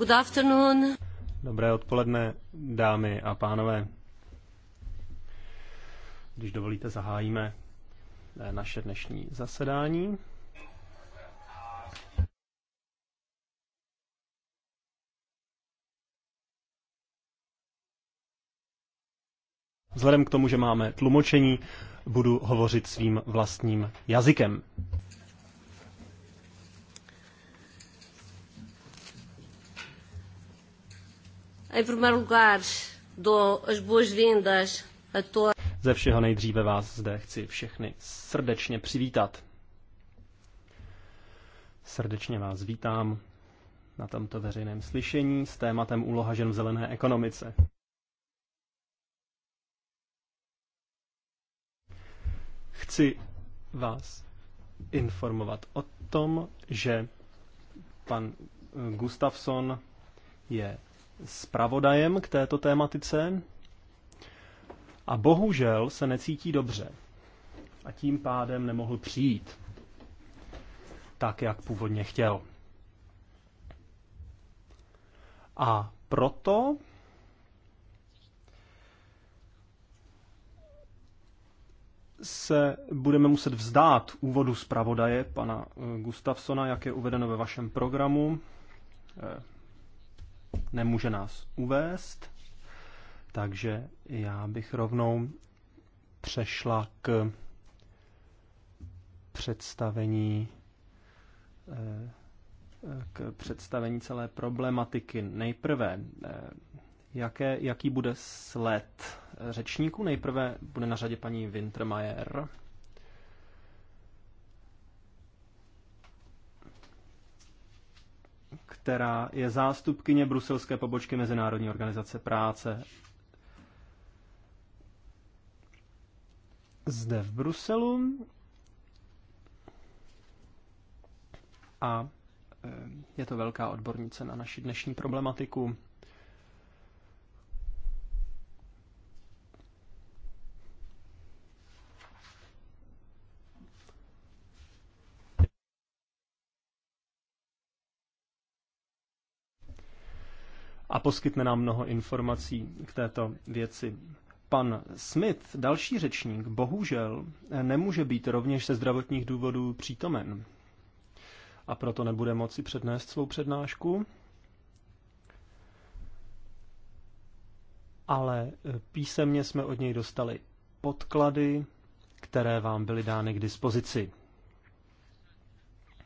Good afternoon. Dobré odpoledne, dámy a pánové. Když dovolíte, zahájíme eh, naše dnešní zasedání. Vzhledem k tomu, že máme tlumočení, budu hovořit svým vlastním jazykem. Em primeiro lugar, dou as boas-vindas a todos. Ze všeho nejdříve vás zde chci všechny srdečně přivítat. Srdečně vás vítám na tomto veřejném slyšení s tématem úloha žen v zelené ekonomice. Chci vás informovat o tom, že pan Gustafsson je zpravodajem k této tématice a bohužel se necítí dobře a tím pádem nemohl přijít tak, jak původně chtěl. A proto se budeme muset vzdát úvodu zpravodaje pana eh, Gustafsona, jak je uvedeno ve vašem programu. Eh, nemůže nás uvést, takže já bych rovnou přešla k představení eh, k představení celé problematiky. Nejprve, eh, jaké, jaký bude sled řečníků? Nejprve bude na řadě paní Wintermayer, která je zástupkyně bruselské pobočky Mezinárodní organizace práce. Zde v Bruselu. A eh, je to velká odbornice na naši dnešní problematiku. a poskytne nám mnoho informací k této věci. Pan Smith, další řečník, bohužel nemůže být rovněž ze zdravotních důvodů přítomen a proto nebude moci přednést svou přednášku. Ale písemně jsme od něj dostali podklady, které vám byly dány k dispozici.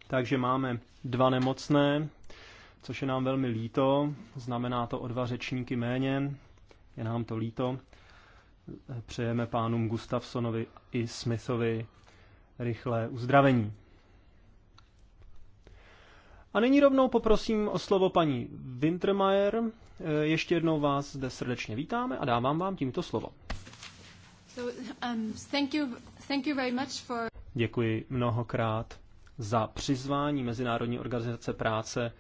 Takže máme dva nemocné, což je nám velmi líto. Znamená to o dva řečníky méně, je nám to líto. Přejeme pánům Gustafsonovi i Smithovi rychlé uzdravení. A nyní rovnou poprosím o slovo paní Wintermeyer. Ještě jednou vás zde srdečně vítáme a dávám vám tímto slovo. So, um, thank you, thank you very much for... Děkuji mnohokrát za přizvání Mezinárodní organizace práce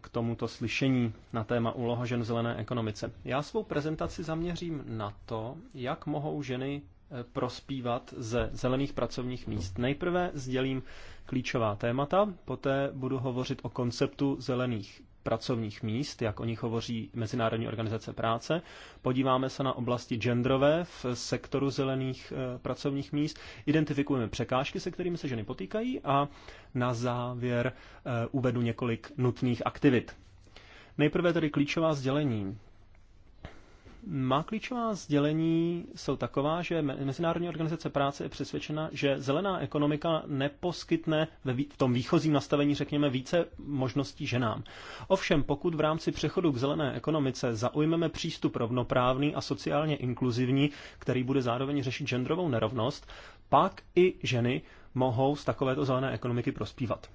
k tomuto slyšení na téma úloha žen v zelené ekonomice. Já svou prezentaci zaměřím na to, jak mohou ženy eh, prospívat ze zelených pracovních míst. Nejprve sdělím klíčová témata, poté budu hovořit o konceptu zelených pracovních míst, jak o nich hovoří Mezinárodní organizace práce. Podíváme se na oblasti genderové v sektoru zelených eh, pracovních míst, identifikujeme překážky, se kterými se ženy potýkají a na závěr eh, uvedu několik nutných aktivit. Nejprve tedy klíčová sdělení. Má klíčová sdělení jsou taková, že Mezinárodní organizace práce je přesvědčena, že zelená ekonomika neposkytne v tom výchozím nastavení, řekněme, více možností ženám. Ovšem, pokud v rámci přechodu k zelené ekonomice zaujmeme přístup rovnoprávný a sociálně inkluzivní, který bude zároveň řešit genderovou nerovnost, pak i ženy mohou z takovéto zelené ekonomiky prospívat.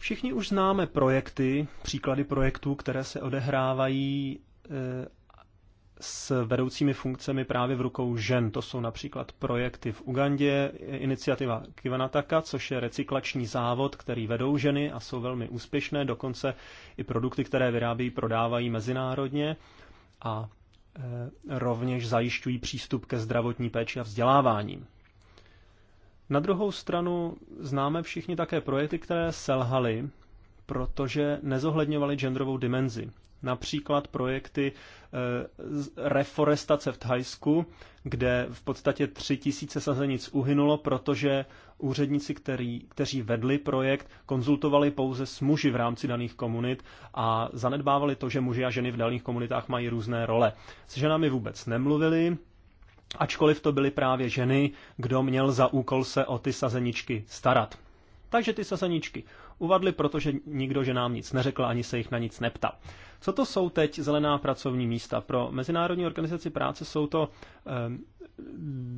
Všichni už známe projekty, příklady projektů, které se odehrávají eh, s vedoucími funkcemi právě v rukou žen. To jsou například projekty v Ugandě, iniciativa Kivanataka, což je recyklační závod, který vedou ženy a jsou velmi úspěšné, dokonce i produkty, které vyrábí, prodávají mezinárodně a eh, rovněž zajišťují přístup ke zdravotní péči a vzdělávání. Na druhou stranu známe všichni také projekty, které selhaly, protože nezohledňovaly genderovou dimenzi. Například projekty eh, reforestace v Thajsku, kde v podstatě tři tisíce sazenic uhynulo, protože úředníci, který, kteří vedli projekt, konzultovali pouze s muži v rámci daných komunit a zanedbávali to, že muži a ženy v daných komunitách mají různé role. S ženami vůbec nemluvili, ačkoliv to byly právě ženy, kdo měl za úkol se o ty sazeničky starat. Takže ty sazeničky uvadly, protože nikdo ženám nic neřekl, ani se jich na nic neptal. Co to jsou teď zelená pracovní místa? Pro Mezinárodní organizaci práce jsou to eh,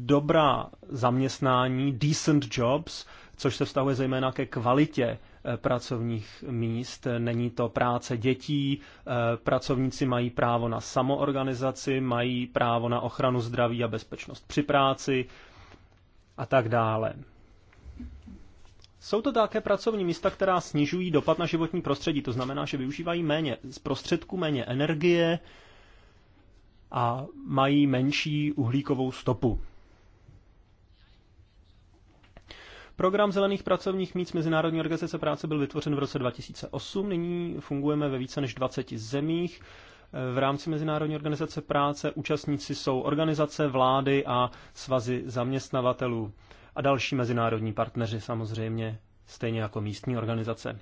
dobrá zaměstnání, decent jobs, což se vztahuje zejména ke kvalitě Eh, pracovních míst. Není to práce dětí, eh, pracovníci mají právo na samoorganizaci, mají právo na ochranu zdraví a bezpečnost při práci a tak dále. Jsou to také pracovní místa, která snižují dopad na životní prostředí, to znamená, že využívají méně z prostředků, méně energie a mají menší uhlíkovou stopu. Program zelených pracovních míst Mezinárodní organizace práce byl vytvořen v roce 2008. Nyní fungujeme ve více než 20 zemích. V rámci Mezinárodní organizace práce účastníci jsou organizace, vlády a svazy zaměstnavatelů a další mezinárodní partneři samozřejmě, stejně jako místní organizace.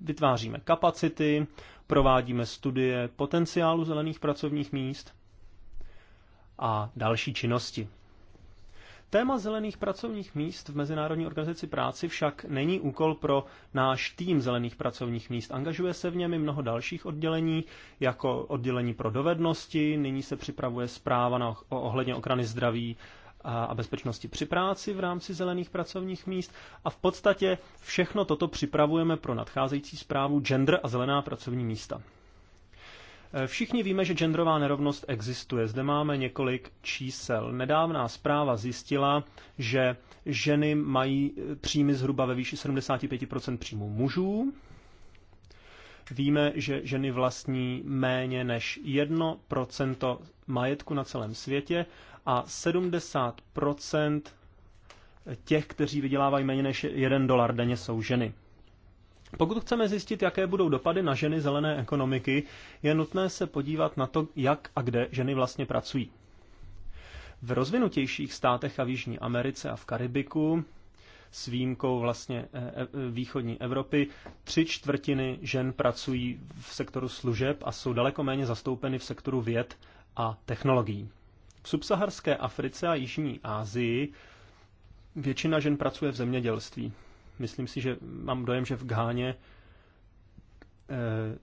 Vytváříme kapacity, provádíme studie potenciálu zelených pracovních míst a další činnosti. Téma zelených pracovních míst v Mezinárodní organizaci práci však není úkol pro náš tým zelených pracovních míst. Angažuje se v něm i mnoho dalších oddělení, jako oddělení pro dovednosti, nyní se připravuje zpráva na, ohledně ochrany zdraví a bezpečnosti při práci v rámci zelených pracovních míst a v podstatě všechno toto připravujeme pro nadcházející zprávu Gender a zelená pracovní místa. Eh, všichni víme, že genderová nerovnost existuje. Zde máme několik čísel. Nedávná zpráva zjistila, že ženy mají eh, příjmy zhruba ve výši 75% příjmů mužů. Víme, že ženy vlastní méně než 1% majetku na celém světě a 70% těch, kteří vydělávají méně než 1 dolar denně, jsou ženy. Pokud chceme zjistit, jaké budou dopady na ženy zelené ekonomiky, je nutné se podívat na to, jak a kde ženy vlastně pracují. V rozvinutějších státech a v Jižní Americe a v Karibiku s výjimkou vlastně e, e, východní Evropy. Tři čtvrtiny žen pracují v sektoru služeb a jsou daleko méně zastoupeny v sektoru věd a technologií. V subsaharské Africe a Jižní Asii většina žen pracuje v zemědělství. Myslím si, že mám dojem, že v Gáně eh,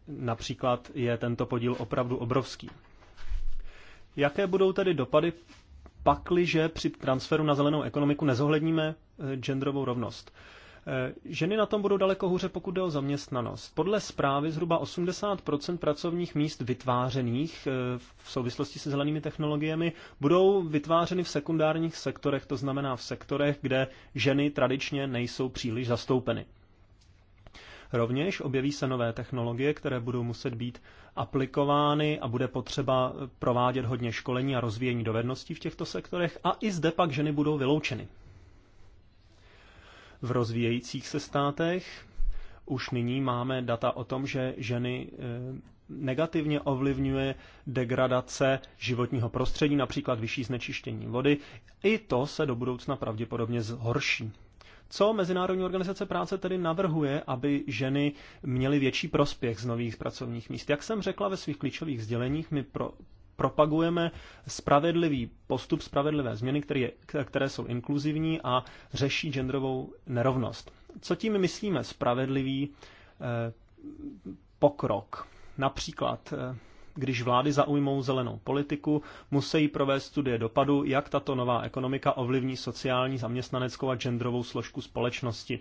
například je tento podíl opravdu obrovský. Jaké budou tedy dopady, pakliže při transferu na zelenou ekonomiku nezohledníme eh, genderovou rovnost? Eh, ženy na tom budou daleko hůře, pokud jde o zaměstnanost. Podle zprávy zhruba 80% pracovních míst vytvářených eh, v souvislosti se zelenými technologiemi budou vytvářeny v sekundárních sektorech, to znamená v sektorech, kde ženy tradičně nejsou příliš zastoupeny. Rovněž objeví se nové technologie, které budou muset být aplikovány a bude potřeba provádět hodně školení a rozvíjení dovedností v těchto sektorech a i zde pak ženy budou vyloučeny v rozvíjejících se státech. Už nyní máme data o tom, že ženy eh, negativně ovlivňuje degradace životního prostředí, například vyšší znečištění vody. I to se do budoucna pravděpodobně zhorší. Co Mezinárodní organizace práce tedy navrhuje, aby ženy měly větší prospěch z nových pracovních míst? Jak jsem řekla ve svých klíčových sděleních, my pro, propagujeme spravedlivý postup, spravedlivé změny, které, je, které jsou inkluzivní a řeší genderovou nerovnost. Co tím myslíme spravedlivý eh, pokrok? Například eh, když vlády zaujmou zelenou politiku, musí provést studie dopadu, jak tato nová ekonomika ovlivní sociální, zaměstnaneckou a genderovou složku společnosti.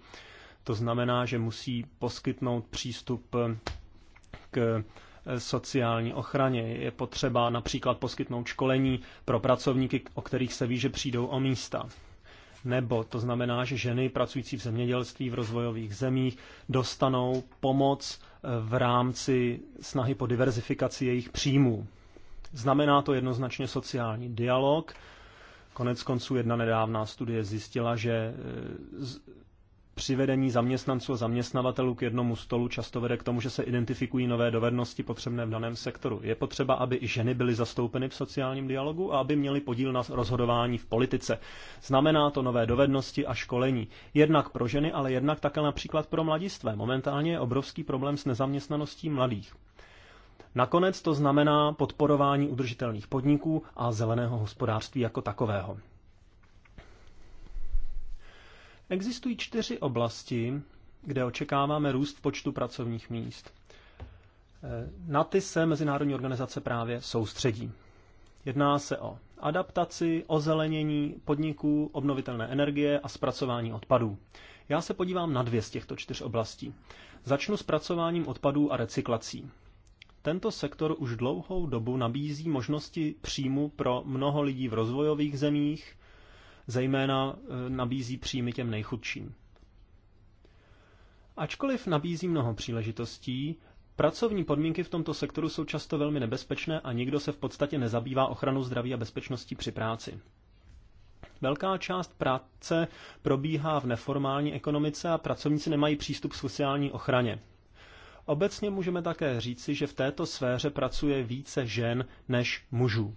To znamená, že musí poskytnout přístup eh, k sociální ochraně. Je potřeba například poskytnout školení pro pracovníky, o kterých se ví, že přijdou o místa. Nebo to znamená, že ženy pracující v zemědělství v rozvojových zemích dostanou pomoc eh, v rámci snahy po diverzifikaci jejich příjmů. Znamená to jednoznačně sociální dialog. Konec konců jedna nedávná studie zjistila, že eh, přivedení zaměstnanců a zaměstnavatelů k jednomu stolu často vede k tomu, že se identifikují nové dovednosti potřebné v daném sektoru. Je potřeba, aby i ženy byly zastoupeny v sociálním dialogu a aby měly podíl na rozhodování v politice. Znamená to nové dovednosti a školení. Jednak pro ženy, ale jednak také například pro mladistvé. Momentálně je obrovský problém s nezaměstnaností mladých. Nakonec to znamená podporování udržitelných podniků a zeleného hospodářství jako takového. Existují čtyři oblasti, kde očekáváme růst počtu pracovních míst. Eh, na ty se Mezinárodní organizace právě soustředí. Jedná se o adaptaci, ozelenění podniků, obnovitelné energie a zpracování odpadů. Já se podívám na dvě z těchto čtyř oblastí. Začnu s pracováním odpadů a recyklací. Tento sektor už dlouhou dobu nabízí možnosti příjmu pro mnoho lidí v rozvojových zemích, zejména eh, nabízí příjmy těm nejchudším. Ačkoliv nabízí mnoho příležitostí, pracovní podmínky v tomto sektoru jsou často velmi nebezpečné a nikdo se v podstatě nezabývá ochranou zdraví a bezpečností při práci. Velká část práce probíhá v neformální ekonomice a pracovníci nemají přístup k sociální ochraně. Obecně můžeme také říci, že v této sféře pracuje více žen než mužů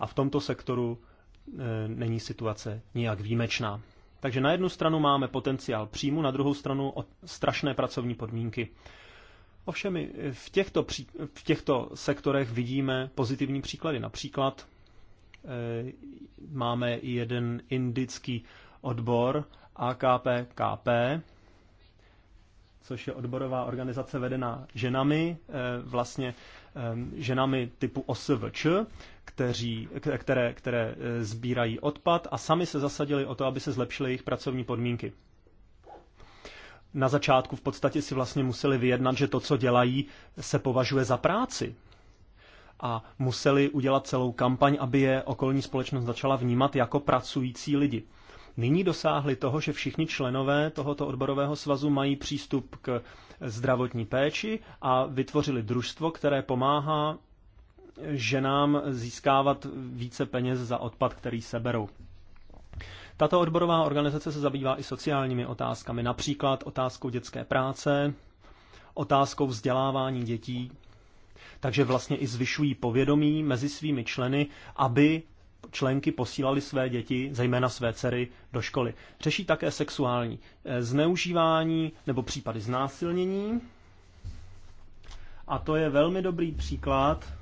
a v tomto sektoru e, není situace nijak výjimečná. Takže na jednu stranu máme potenciál příjmu, na druhou stranu strašné pracovní podmínky. Ovšem v těchto, pří, v těchto sektorech vidíme pozitivní příklady. Například e, máme jeden indický odbor AKPKP, což je odborová organizace vedená ženami. E, vlastně ženami typu OSVČ, kteří, které, které e, sbírají odpad a sami se zasadili o to, aby se zlepšily jejich pracovní podmínky. Na začátku v podstatě si vlastně museli vyjednat, že to, co dělají, se považuje za práci. A museli udělat celou kampaň, aby je okolní společnost začala vnímat jako pracující lidi nyní dosáhli toho, že všichni členové tohoto odborového svazu mají přístup k zdravotní péči a vytvořili družstvo, které pomáhá ženám získávat více peněz za odpad, který seberou. Tato odborová organizace se zabývá i sociálními otázkami, například otázkou dětské práce, otázkou vzdělávání dětí, takže vlastně i zvyšují povědomí mezi svými členy, aby členky posílali své děti, zejména své dcery, do školy. Řeší také sexuální eh, zneužívání nebo případy znásilnění. A to je velmi dobrý příklad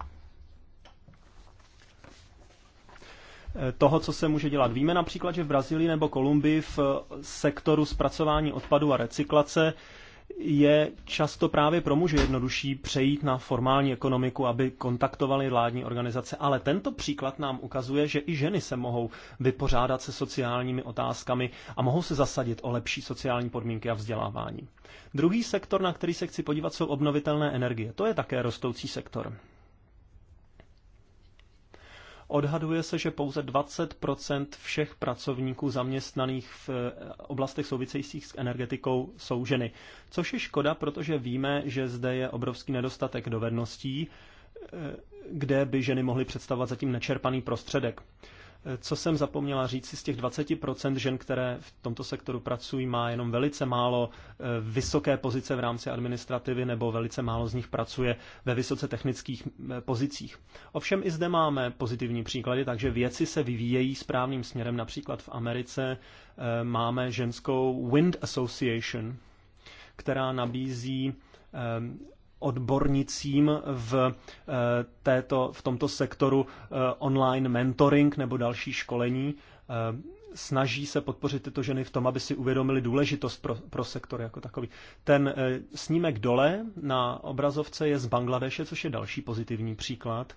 eh, toho, co se může dělat. Víme například, že v Brazílii nebo Kolumbii v eh, sektoru zpracování odpadu a recyklace je často právě pro muže jednodušší přejít na formální ekonomiku, aby kontaktovali vládní organizace. Ale tento příklad nám ukazuje, že i ženy se mohou vypořádat se sociálními otázkami a mohou se zasadit o lepší sociální podmínky a vzdělávání. Druhý sektor, na který se chci podívat, jsou obnovitelné energie. To je také rostoucí sektor. Odhaduje se, že pouze 20 všech pracovníků zaměstnaných v eh, oblastech souvisejících s energetikou jsou ženy. Což je škoda, protože víme, že zde je obrovský nedostatek dovedností, eh, kde by ženy mohly představovat zatím nečerpaný prostředek. Co jsem zapomněla říct, z těch 20% žen, které v tomto sektoru pracují, má jenom velice málo eh, vysoké pozice v rámci administrativy nebo velice málo z nich pracuje ve vysoce technických pozicích. Ovšem i zde máme pozitivní příklady, takže věci se vyvíjejí správným směrem. Například v Americe eh, máme ženskou Wind Association, která nabízí eh, odbornicím v, eh, této, v tomto sektoru eh, online mentoring nebo další školení. Eh, snaží se podpořit tyto ženy v tom, aby si uvědomili důležitost pro, pro sektor jako takový. Ten snímek dole na obrazovce je z Bangladeše, což je další pozitivní příklad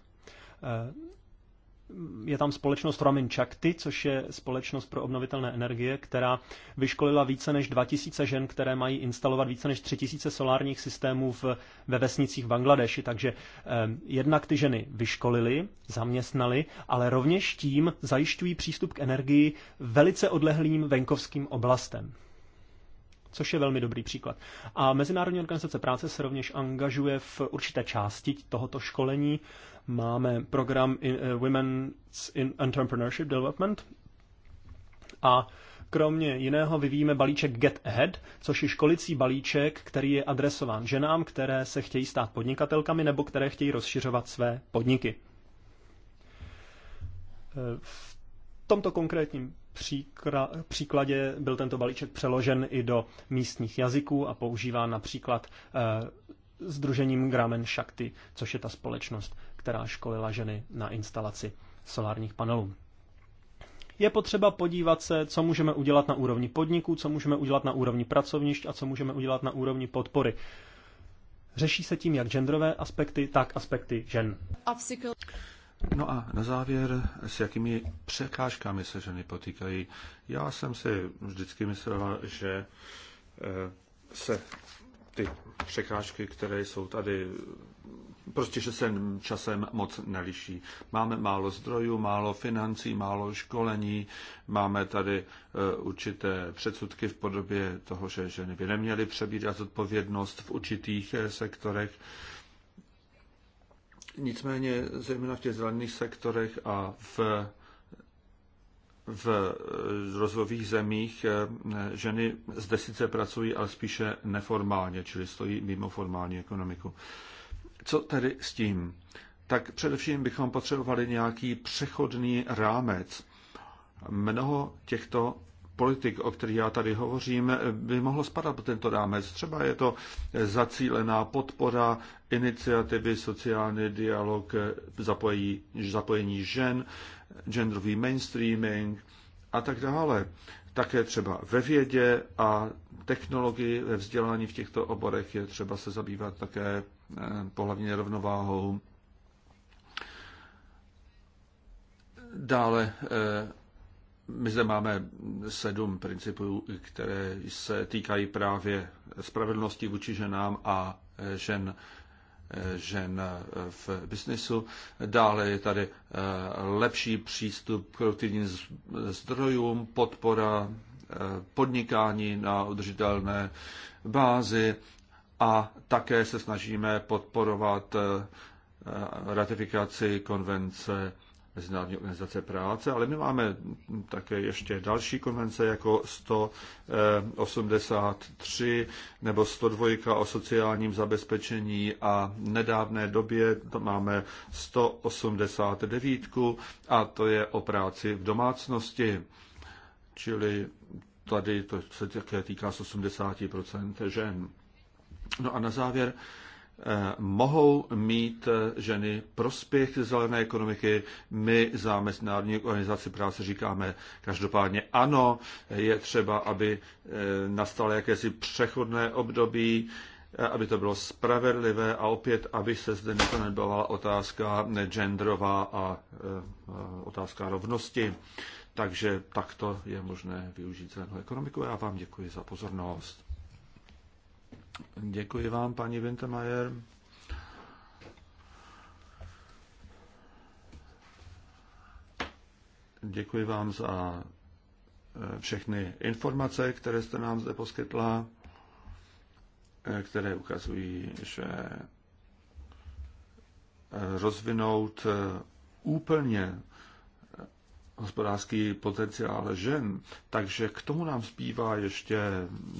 je tam společnost Ramin Chakti, což je společnost pro obnovitelné energie, která vyškolila více než 2000 žen, které mají instalovat více než 3000 solárních systémů v, ve vesnicích v Bangladeši. Takže eh, jednak ty ženy vyškolili, zaměstnali, ale rovněž tím zajišťují přístup k energii velice odlehlým venkovským oblastem což je velmi dobrý příklad. A Mezinárodní organizace práce se rovněž angažuje v určité části tohoto školení Máme program in, uh, eh, Women's in Entrepreneurship Development a kromě jiného vyvíjíme balíček Get Ahead, což je školicí balíček, který je adresován ženám, které se chtějí stát podnikatelkami nebo které chtějí rozšiřovat své podniky. Eh, v tomto konkrétním příkladě byl tento balíček přeložen i do místních jazyků a používá například eh, Združením Gramen Shakti, což je ta společnost která školila ženy na instalaci solárních panelů. Je potřeba podívat se, co můžeme udělat na úrovni podniků, co můžeme udělat na úrovni pracovnišť a co můžeme udělat na úrovni podpory. Řeší se tím jak genderové aspekty, tak aspekty žen. No a na závěr, s jakými překážkami se ženy potýkají. Já jsem si vždycky myslela, že eh, se ty překážky, které jsou tady, prostě, že se časem moc neliší. Máme málo zdrojů, málo financí, málo školení, máme tady e, určité předsudky v podobě toho, že ženy by neměly přebírat odpovědnost v určitých e, sektorech. Nicméně, zejména v těch zelených sektorech a v v eh, rozvojových zemích eh, ženy zde sice pracují, ale spíše neformálně, čili stojí mimo formální ekonomiku. Co tedy s tím? Tak především bychom potřebovali nějaký přechodný rámec. Mnoho těchto politik, o kterých já tady hovořím, by mohlo spadat pod tento rámec. Třeba je to zacílená podpora iniciativy, sociální dialog, zapojení, zapojení žen, genderový mainstreaming a tak dále. Také třeba ve vědě a technologii, ve vzdělání v těchto oborech je třeba se zabývat také eh, pohlavně rovnováhou. Dále eh, my zde máme sedm principů, které se týkají právě spravedlnosti vůči ženám a eh, žen eh, žen eh, v biznesu. Dále je tady lepší přístup k produktivním zdrojům, podpora podnikání na udržitelné bázi a také se snažíme podporovat ratifikaci konvence Mezinárodní organizace práce, ale my máme také ještě další konvence jako 183 eh, nebo 102 o sociálním zabezpečení a v nedávné době to máme 189 a to je o práci v domácnosti. Čili tady to se také týká 80 žen. No a na závěr Eh, mohou mít eh, ženy prospěch zelené ekonomiky. My za Mezinárodní organizaci práce říkáme každopádně ano, je třeba, aby eh, nastalo jakési přechodné období, aby to bylo spravedlivé a opět, aby se zde nezanedbala otázka genderová a otázka rovnosti. Takže takto je možné využít zelenou ekonomiku. Já vám děkuji za pozornost. Děkuji vám, paní Wintermayer. Děkuji vám za eh, všechny informace, které jste nám zde poskytla, eh, které ukazují, že eh, rozvinout úplně hospodářský potenciál žen. Takže k tomu nám zbývá ještě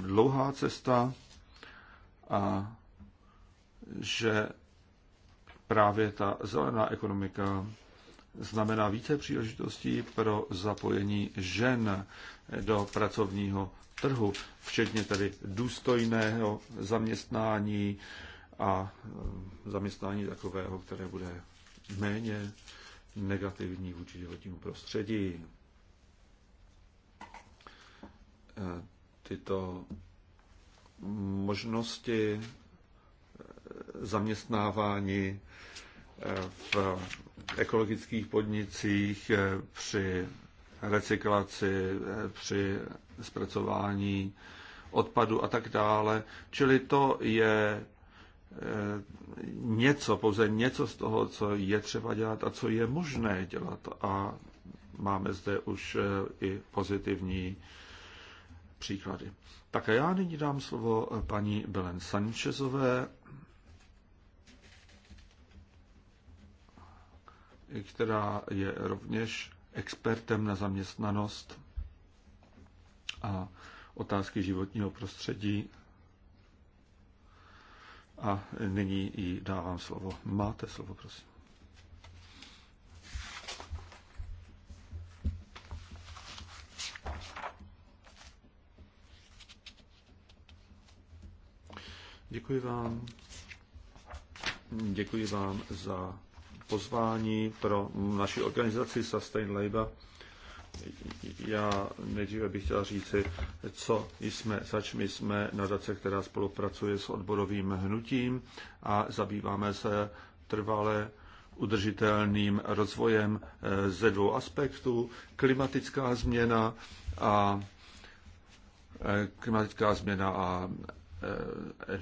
dlouhá cesta a že právě ta zelená ekonomika znamená více příležitostí pro zapojení žen do pracovního trhu, včetně tedy důstojného zaměstnání a eh, zaměstnání takového, které bude méně negativní vůči životnímu prostředí. Eh, tyto možnosti zaměstnávání eh, v ekologických podnicích eh, při recyklaci, eh, při zpracování odpadu a tak dále. Čili to je něco, pouze něco z toho, co je třeba dělat a co je možné dělat. A máme zde už i pozitivní příklady. Tak a já nyní dám slovo eh, paní Belen Sanchezové, která je rovněž expertem na zaměstnanost a otázky životního prostředí. A nyní jí dávám slovo. Máte slovo, prosím. Děkuji vám. Děkuji vám za pozvání pro naši organizaci Sustain Labour. Já nejdříve bych chtěl říci, co jsme, zač my jsme nadace, která spolupracuje s odborovým hnutím a zabýváme se trvale udržitelným rozvojem eh, ze dvou aspektů. Klimatická změna a eh, klimatická změna a Eh,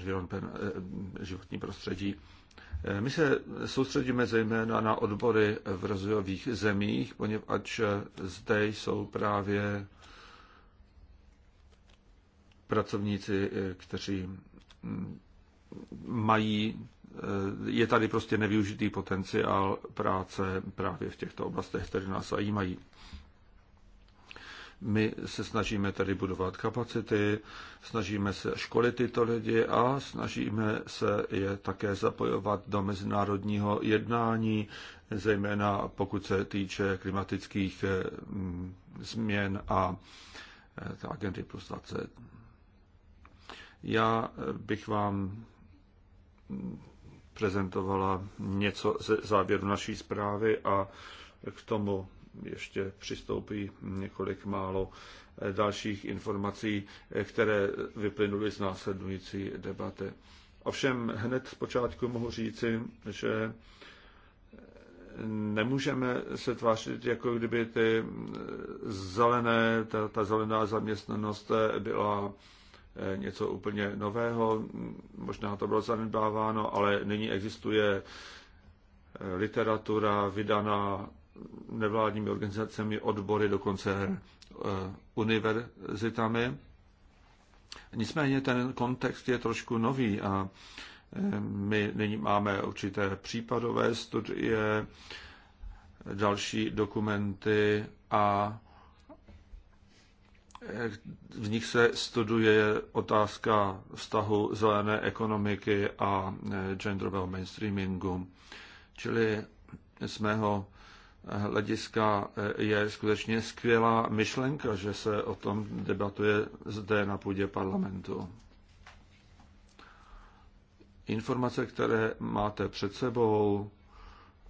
eh, životní prostředí. Eh, my se soustředíme zejména na odbory v rozvojových zemích, poněvadž zde jsou právě pracovníci, kteří mm, mají, je tady prostě nevyužitý potenciál práce právě v těchto oblastech, které nás zajímají. My se snažíme tady budovat kapacity, snažíme se školit tyto lidi a snažíme se je také zapojovat do mezinárodního jednání, zejména pokud se týče klimatických eh, mm, změn a eh, agendy plus 20. Já eh, bych vám mm, prezentovala něco ze závěru naší zprávy a k tomu ještě přistoupí několik málo eh, dalších informací, eh, které vyplynuly z následující debaty. Ovšem hned z počátku mohu říci, že eh, nemůžeme se tvářit, jako kdyby ty zelené, ta, ta zelená zaměstnanost byla něco úplně nového. Možná to bylo zanedbáváno, ale nyní existuje literatura vydaná nevládními organizacemi, odbory, dokonce eh, univerzitami. Nicméně ten kontext je trošku nový a eh, my nyní máme určité případové studie, další dokumenty a eh, v nich se studuje otázka vztahu zelené ekonomiky a genderového mainstreamingu. Čili z mého hlediska eh, je skutečně skvělá myšlenka, že se o tom debatuje zde na půdě parlamentu. Informace, které máte před sebou,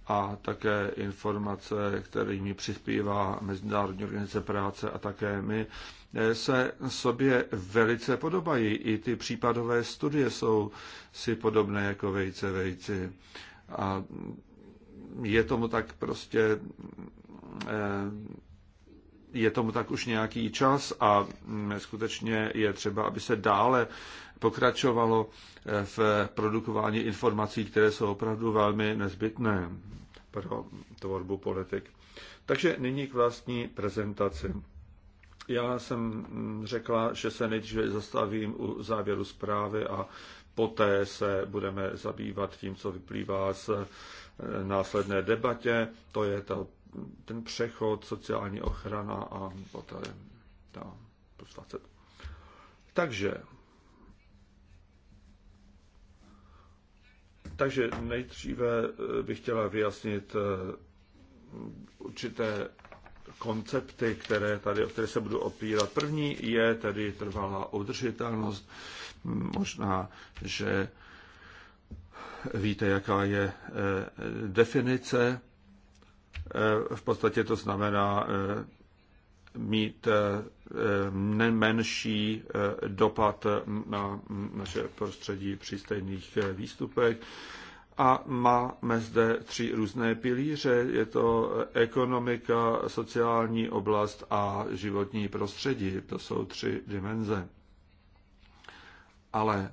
a také informace, kterými přispívá Mezinárodní organizace práce a také my, eh, se sobě velice podobají. I ty případové studie jsou si podobné jako vejce vejci. A je tomu tak prostě eh, je tomu tak už nějaký čas a mm, skutečně je třeba, aby se dále pokračovalo eh, v produkování informací, které jsou opravdu velmi nezbytné pro tvorbu politik. Takže nyní k vlastní prezentaci. Já jsem mm, řekla, že se nejdříve zastavím u závěru zprávy a poté se budeme zabývat tím, co vyplývá z Eh, následné debatě, to je ta, ten přechod, sociální ochrana a poté ta plus 20. Takže Takže nejdříve eh, bych chtěla vyjasnit eh, určité koncepty, které tady, o které se budu opírat. První je tedy trvalá udržitelnost. Hm, možná, že víte, jaká je eh, definice. Eh, v podstatě to znamená eh, mít menší dopad na naše prostředí při stejných výstupech. A máme zde tři různé pilíře. Je to ekonomika, sociální oblast a životní prostředí. To jsou tři dimenze. Ale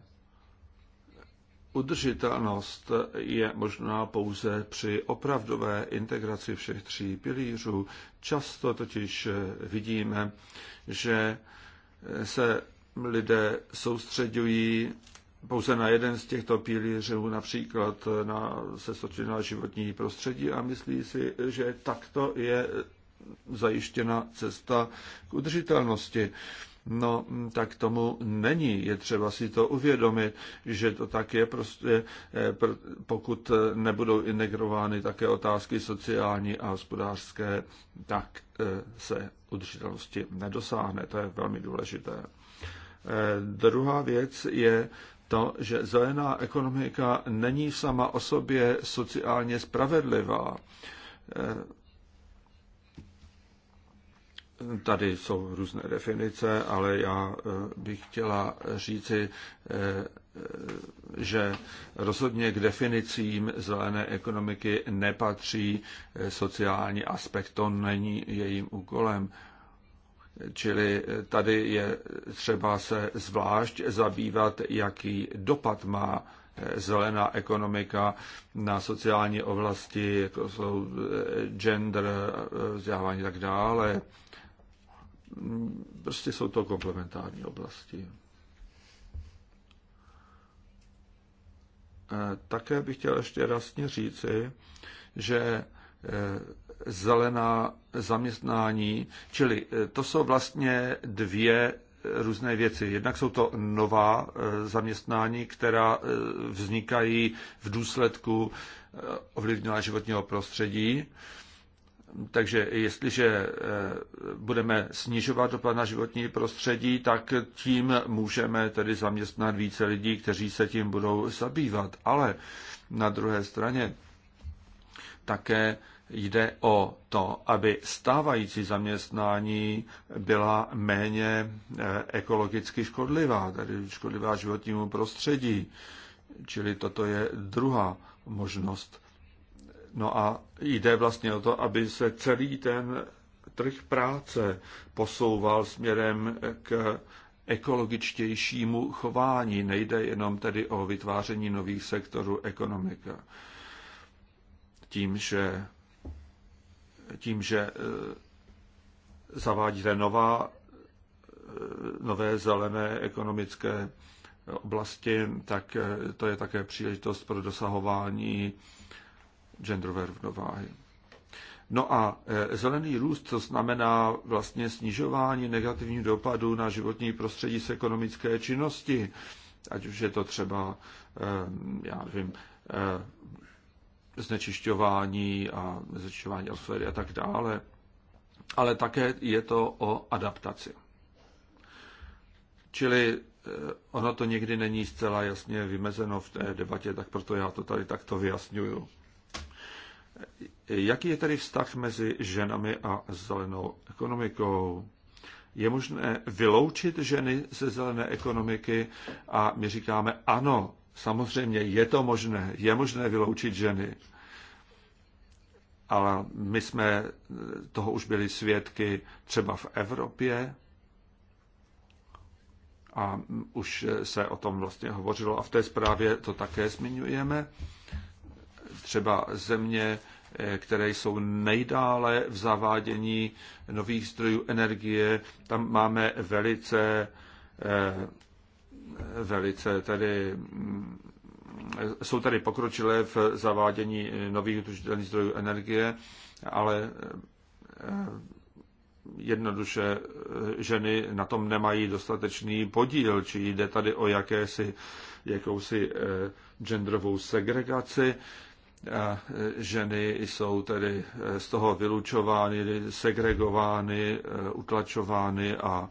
Udržitelnost je možná pouze při opravdové integraci všech tří pilířů. Často totiž vidíme, že se lidé soustředují pouze na jeden z těchto pilířů, například na, se na životní prostředí a myslí si, že takto je zajištěna cesta k udržitelnosti. No, tak tomu není. Je třeba si to uvědomit, že to tak je prostě, eh, pokud eh, nebudou integrovány také otázky sociální a hospodářské, tak eh, se udržitelnosti nedosáhne. To je velmi důležité. Druhá věc je to, že zelená ekonomika není sama o sobě sociálně spravedlivá Tady jsou různé definice, ale já eh, bych chtěla říci, eh, eh, že rozhodně k definicím zelené ekonomiky nepatří sociální aspekt, to není jejím úkolem. Čili tady je třeba se zvlášť zabývat, jaký dopad má zelená ekonomika na sociální oblasti, jako jsou gender, vzdělávání a tak dále prostě jsou to komplementární oblasti. E, také bych chtěl ještě jasně říci, že e, zelená zaměstnání, čili e, to jsou vlastně dvě různé věci. Jednak jsou to nová zaměstnání, která vznikají v důsledku ovlivňování životního prostředí takže jestliže eh, budeme snižovat dopad na životní prostředí, tak tím můžeme tedy zaměstnat více lidí, kteří se tím budou zabývat. Ale na druhé straně také jde o to, aby stávající zaměstnání byla méně eh, ekologicky škodlivá, tedy škodlivá životnímu prostředí. Čili toto je druhá možnost. No a jde vlastně o to, aby se celý ten trh práce posouval směrem k ekologičtějšímu chování. Nejde jenom tedy o vytváření nových sektorů ekonomika. Tím, že, tím, že e, zavádíte nová, e, nové zelené ekonomické oblasti, tak e, to je také příležitost pro dosahování genderové rovnováhy. No a e, zelený růst, to znamená vlastně snižování negativních dopadů na životní prostředí z ekonomické činnosti, ať už je to třeba, e, já nevím, e, znečišťování a znečišťování atmosféry a tak dále, ale také je to o adaptaci. Čili ono to někdy není zcela jasně vymezeno v té debatě, tak proto já to tady takto vyjasňuju. Jaký je tedy vztah mezi ženami a zelenou ekonomikou? Je možné vyloučit ženy ze zelené ekonomiky a my říkáme ano, samozřejmě je to možné, je možné vyloučit ženy. Ale my jsme toho už byli svědky třeba v Evropě a už se o tom vlastně hovořilo a v té zprávě to také zmiňujeme třeba země Eh, které jsou nejdále v zavádění nových zdrojů energie. Tam máme velice, eh, velice tedy mm, jsou tady pokročilé v zavádění nových udržitelných zdrojů energie, ale eh, jednoduše ženy na tom nemají dostatečný podíl, či jde tady o jakési, jakousi genderovou segregaci E, ženy jsou tedy e, z toho vylučovány, segregovány, e, utlačovány a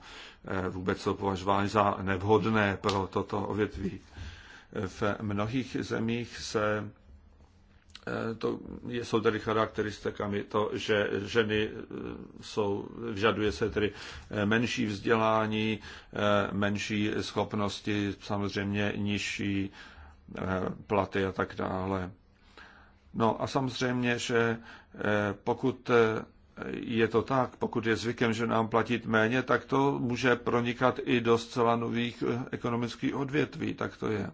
vůbec jsou považovány za nevhodné pro toto odvětví. V mnohých zemích se to jsou tedy charakteristikami to, že ženy jsou, vyžaduje se tedy menší vzdělání, menší schopnosti, samozřejmě nižší platy a tak dále. No a samozřejmě, že eh, pokud eh, je to tak, pokud je zvykem, že nám platit méně, tak to může pronikat i do zcela nových eh, ekonomických odvětví, tak to je.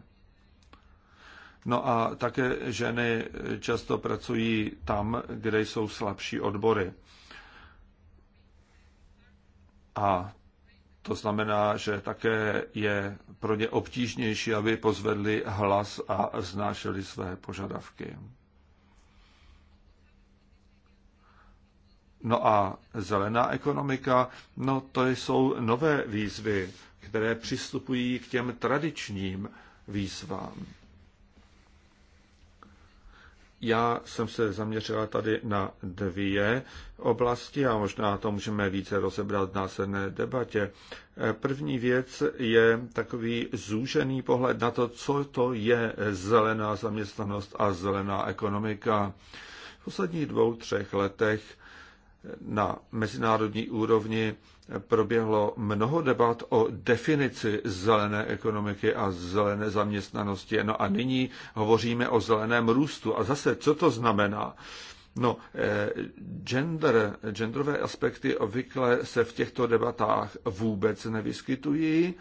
No a také ženy často pracují tam, kde jsou slabší odbory. A to znamená, že také je pro ně obtížnější, aby pozvedli hlas a znášeli své požadavky. No a zelená ekonomika, no to jsou nové výzvy, které přistupují k těm tradičním výzvám. Já jsem se zaměřila tady na dvě oblasti a možná to můžeme více rozebrat v následné debatě. První věc je takový zúžený pohled na to, co to je zelená zaměstnanost a zelená ekonomika. V posledních dvou, třech letech na mezinárodní úrovni proběhlo mnoho debat o definici zelené ekonomiky a zelené zaměstnanosti. No a nyní hovoříme o zeleném růstu. A zase, co to znamená? No, eh, gender, genderové aspekty obvykle se v těchto debatách vůbec nevyskytují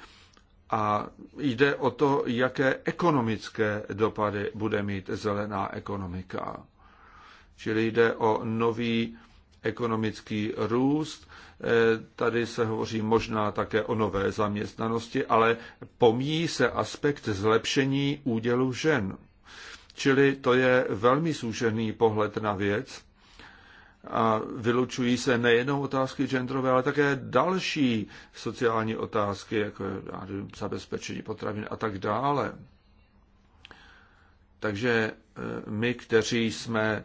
a jde o to, jaké ekonomické dopady bude mít zelená ekonomika. Čili jde o nový ekonomický růst. Eh, tady se hovoří možná také o nové zaměstnanosti, ale pomíjí se aspekt zlepšení údělu žen. Čili to je velmi zúžený pohled na věc a vylučují se nejenom otázky genderové, ale také další sociální otázky, jako je zabezpečení potravin a tak dále. Takže e, my, kteří jsme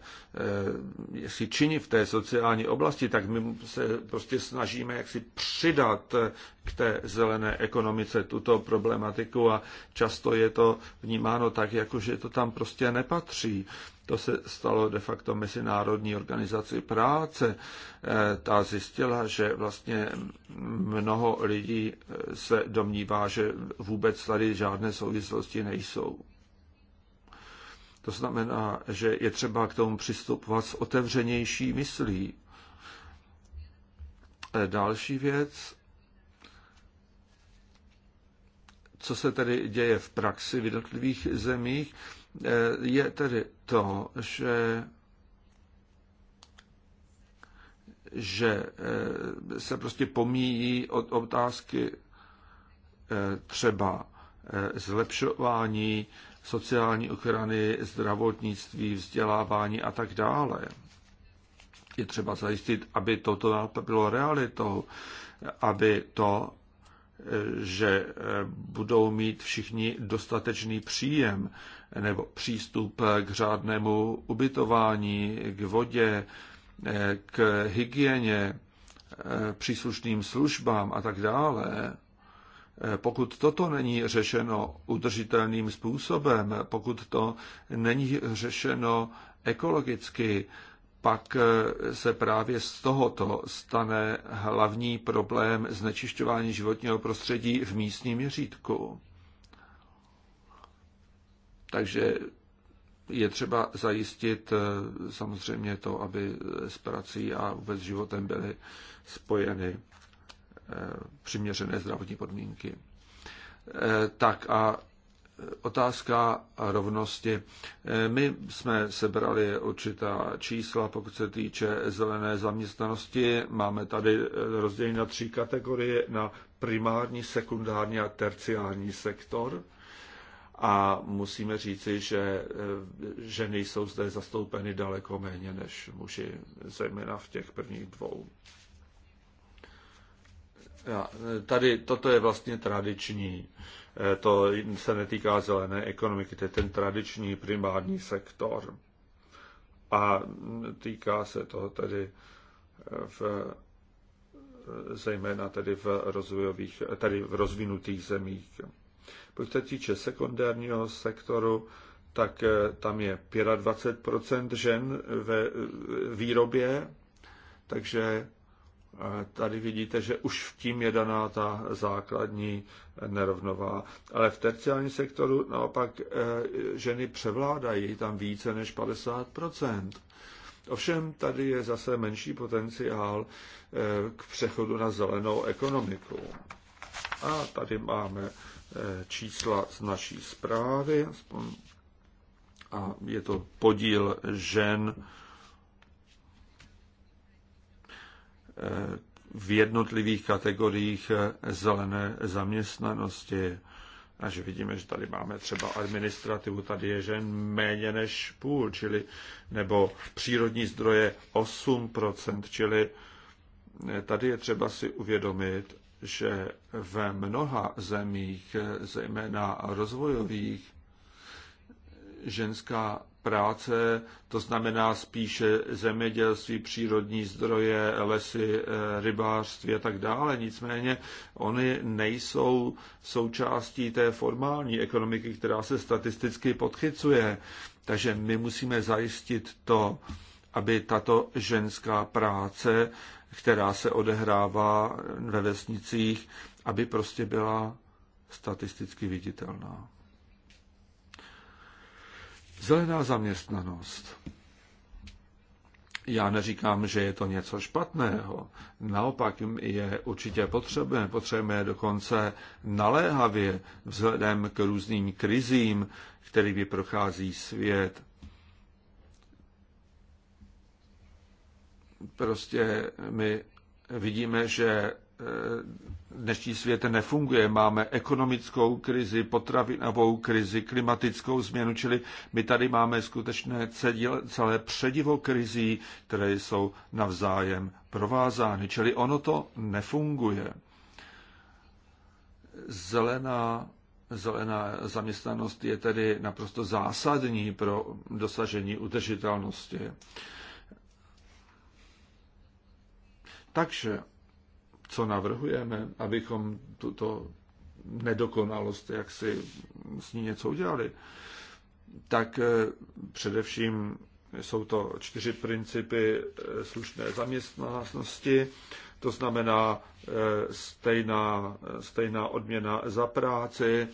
e, si čini v té sociální oblasti, tak my se prostě snažíme jaksi přidat e, k té zelené ekonomice tuto problematiku a často je to vnímáno tak, jako že to tam prostě nepatří. To se stalo de facto Mezinárodní organizaci práce. Ta zjistila, že vlastně mnoho lidí se domnívá, že vůbec tady žádné souvislosti nejsou. To znamená, že je třeba k tomu přistupovat s otevřenější myslí. E, další věc, co se tedy děje v praxi v jednotlivých zemích, e, je tedy to, že že e, se prostě pomíjí od otázky třeba zlepšování sociální ochrany, zdravotnictví, vzdělávání a tak dále. Je třeba zajistit, aby toto bylo realitou, aby to, že eh, budou mít všichni dostatečný příjem nebo přístup eh, k řádnému ubytování, k vodě, eh, k hygieně, příslušným službám a tak dále, Eh, pokud toto není řešeno udržitelným způsobem, pokud to není řešeno ekologicky, pak eh, se právě z tohoto stane hlavní problém znečišťování životního prostředí v místním měřítku. Takže je třeba zajistit eh, samozřejmě to, aby s prací a vůbec životem byly spojeny Eh, přiměřené zdravotní podmínky. Eh, tak a otázka rovnosti. Eh, my jsme sebrali určitá čísla, pokud se týče zelené zaměstnanosti. Máme tady rozdělení na tři kategorie, na primární, sekundární a terciální sektor. A musíme říci, že ženy jsou zde zastoupeny daleko méně než muži, zejména v těch prvních dvou Tady toto je vlastně tradiční, eh, to se netýká zelené ekonomiky, to je ten tradiční primární sektor. A týká se to tedy eh, v, eh, zejména tedy v, rozvojových, tedy v rozvinutých zemích. Pokud se týče sekundárního sektoru, tak tam je 25 žen ve výrobě, takže Tady vidíte, že už v tím je daná ta základní nerovnová. Ale v terciálním sektoru naopak eh, ženy převládají tam více než 50 Ovšem tady je zase menší potenciál eh, k přechodu na zelenou ekonomiku. A tady máme eh, čísla z naší zprávy, a je to podíl žen v jednotlivých kategoriích zelené zaměstnanosti. Až vidíme, že tady máme třeba administrativu, tady je žen méně než půl, čili nebo přírodní zdroje 8%, čili eh, tady je třeba si uvědomit, že ve mnoha zemích, eh, zejména rozvojových, ženská práce, to znamená spíše zemědělství, přírodní zdroje, lesy, eh, rybářství a tak dále. Nicméně oni nejsou součástí té formální ekonomiky, která se statisticky podchycuje. Takže my musíme zajistit to, aby tato ženská práce, která se odehrává ve vesnicích, aby prostě byla statisticky viditelná. Zelená zaměstnanost. Já neříkám, že je to něco špatného. Naopak je určitě potřebné. Potřebujeme dokonce naléhavě vzhledem k různým krizím, kterými prochází svět. Prostě my vidíme, že Eh, dnešní svět nefunguje. Máme ekonomickou krizi, potravinovou krizi, klimatickou změnu, čili my tady máme skutečné celé předivo krizí, které jsou navzájem provázány. Čili ono to nefunguje. Zelená, zelená zaměstnanost je tedy naprosto zásadní pro dosažení udržitelnosti. Takže co navrhujeme, abychom tuto nedokonalost, jak si s ní něco udělali, tak eh, především jsou to čtyři principy eh, slušné zaměstnanosti, to znamená eh, stejná, stejná odměna za práci,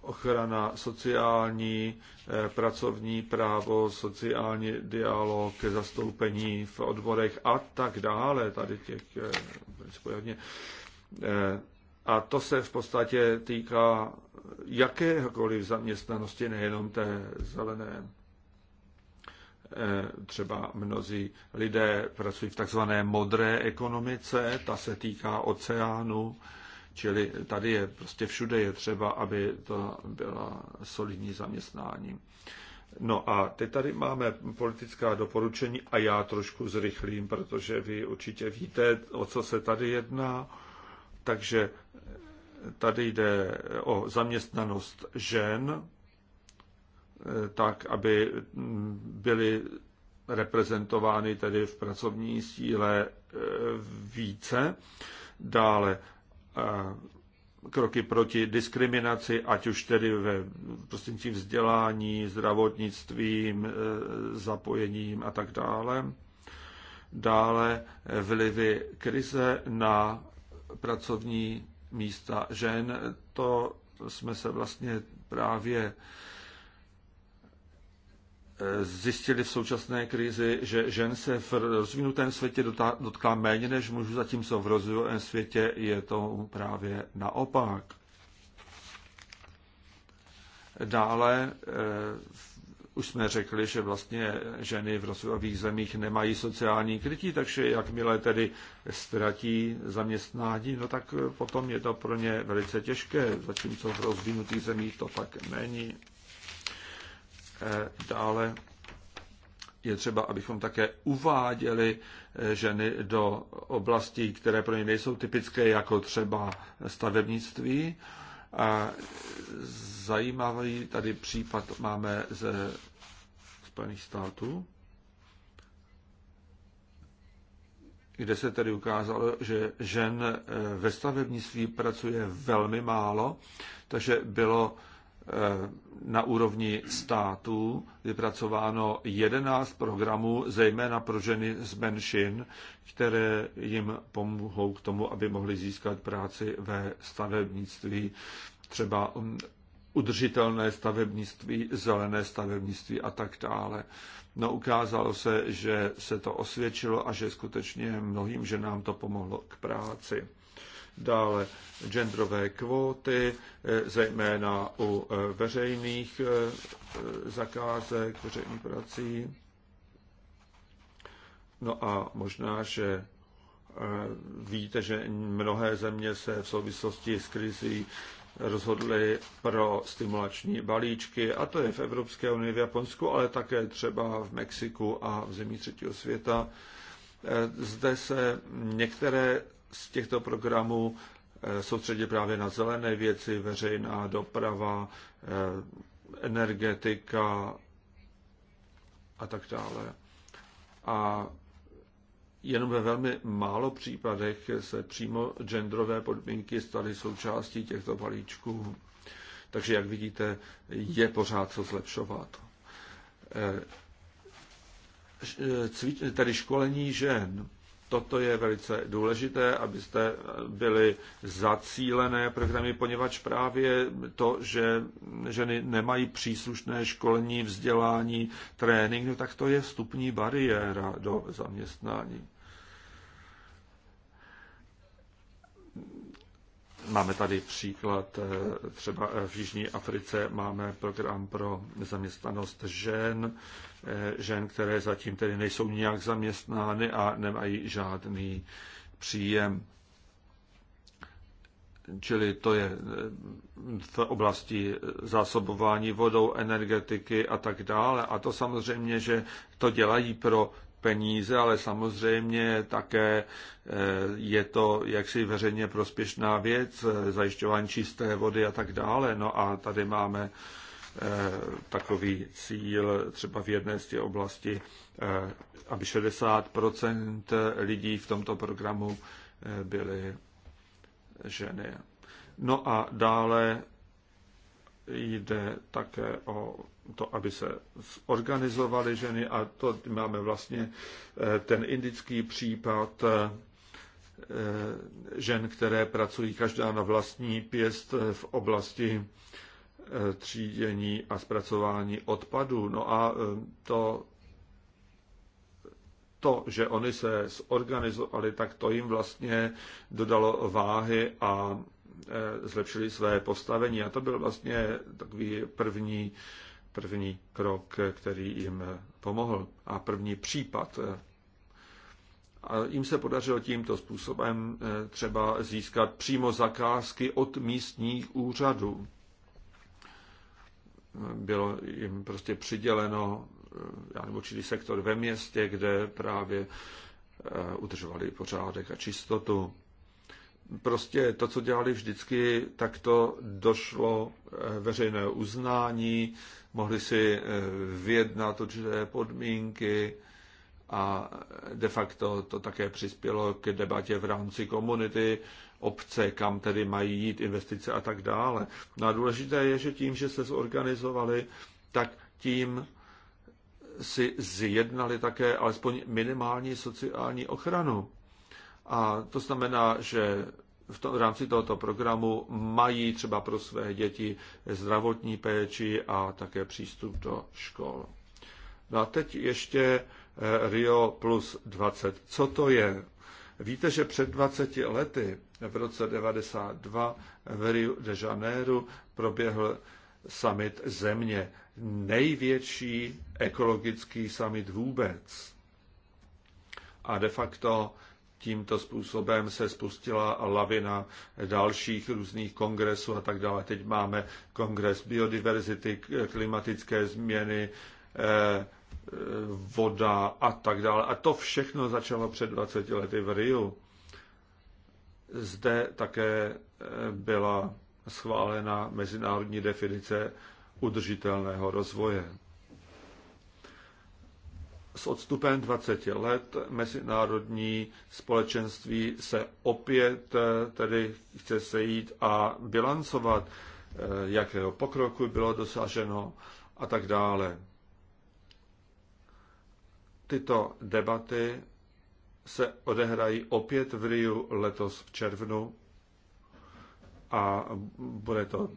ochrana sociální, eh, pracovní právo, sociální dialog, zastoupení v odborech a tak dále. Tady těch eh, principů eh, A to se v podstatě týká jakéhokoliv zaměstnanosti, nejenom té zelené. Třeba mnozí lidé pracují v takzvané modré ekonomice, ta se týká oceánu, Čili tady je prostě všude je třeba, aby to byla solidní zaměstnání. No a teď tady máme politická doporučení a já trošku zrychlím, protože vy určitě víte, o co se tady jedná. Takže tady jde o zaměstnanost žen, eh, tak, aby mm, byly reprezentovány tedy v pracovní síle eh, více. Dále kroky proti diskriminaci, ať už tedy ve prostřednictvím vzdělání, zdravotnictvím, e, zapojením a tak dále. Dále vlivy krize na pracovní místa žen. To jsme se vlastně právě zjistili v současné krizi, že žen se v rozvinutém světě dotká méně než mužů, zatímco v rozvinutém světě je to právě naopak. Dále eh, už jsme řekli, že vlastně ženy v rozvojových zemích nemají sociální krytí, takže jakmile tedy ztratí zaměstnání, no tak eh, potom je to pro ně velice těžké, zatímco v rozvinutých zemích to tak není. Eh, dále je třeba, abychom také uváděli eh, ženy do oblastí, které pro ně nejsou typické, jako třeba stavebnictví. A zajímavý tady případ máme ze Spojených států, kde se tedy ukázalo, že žen eh, ve stavebnictví pracuje velmi málo, takže bylo Eh, na úrovni států vypracováno 11 programů, zejména pro ženy z menšin, které jim pomohou k tomu, aby mohly získat práci ve stavebnictví, třeba mm, udržitelné stavebnictví, zelené stavebnictví a tak dále. No ukázalo se, že se to osvědčilo a že skutečně mnohým ženám to pomohlo k práci dále genderové kvóty, eh, zejména u eh, veřejných eh, zakázek, veřejných prací. No a možná, že víte, že mnohé země se v souvislosti s krizí rozhodly pro stimulační balíčky, a to je v Evropské unii, v Japonsku, ale také třeba v Mexiku a v zemí třetího světa. Zde se některé z těchto programů eh, soustředit právě na zelené věci, veřejná doprava, eh, energetika a tak dále. A jenom ve velmi málo případech se přímo genderové podmínky staly součástí těchto balíčků. Takže, jak vidíte, je pořád co zlepšovat. Eh, Tady školení žen Toto je velice důležité, abyste byli zacílené programy, poněvadž právě to, že ženy nemají příslušné školní vzdělání, trénink, no tak to je vstupní bariéra do zaměstnání. Máme tady příklad, eh, třeba eh, v Jižní Africe máme program pro zaměstnanost žen, eh, žen, které zatím tedy nejsou nijak zaměstnány a nemají žádný příjem. Čili to je v oblasti zásobování vodou, energetiky a tak dále. A to samozřejmě, že to dělají pro peníze, ale samozřejmě také eh, je to jaksi veřejně prospěšná věc, eh, zajišťování čisté vody a tak dále. No a tady máme eh, takový cíl třeba v jedné z těch oblastí, aby 60 lidí v tomto programu byly ženy. No a dále jde také o to, aby se zorganizovaly ženy a to máme vlastně eh, ten indický případ eh, eh, žen, které pracují každá na vlastní pěst v oblasti třídění a zpracování odpadů. No a to, to, že oni se zorganizovali, tak to jim vlastně dodalo váhy a zlepšili své postavení. A to byl vlastně takový první první krok, který jim pomohl a první případ. A jim se podařilo tímto způsobem eh, třeba získat přímo zakázky od místních úřadů. Bylo jim prostě přiděleno eh, já nebo čili sektor ve městě, kde právě eh, udržovali pořádek a čistotu prostě to, co dělali vždycky, tak to došlo eh, veřejné uznání, mohli si eh, vyjednat určité podmínky a eh, de facto to také přispělo k debatě v rámci komunity, obce, kam tedy mají jít investice a tak dále. No a důležité je, že tím, že se zorganizovali, tak tím si zjednali také alespoň minimální sociální ochranu a to znamená, že v, to, v rámci tohoto programu mají třeba pro své děti zdravotní péči a také přístup do škol. No a teď ještě eh, Rio plus 20. Co to je? Víte, že před 20 lety, v roce 92, v Rio de Janeiro proběhl summit země. Největší ekologický summit vůbec. A de facto tímto způsobem se spustila lavina dalších různých kongresů a tak dále. Teď máme kongres biodiverzity, klimatické změny, eh, voda a tak dále. A to všechno začalo před 20 lety v Riu. Zde také eh, byla schválena mezinárodní definice udržitelného rozvoje s odstupem 20 let mezinárodní společenství se opět eh, tedy chce sejít a bilancovat, eh, jakého pokroku bylo dosaženo a tak dále. Tyto debaty se odehrají opět v Riu letos v červnu a bude to,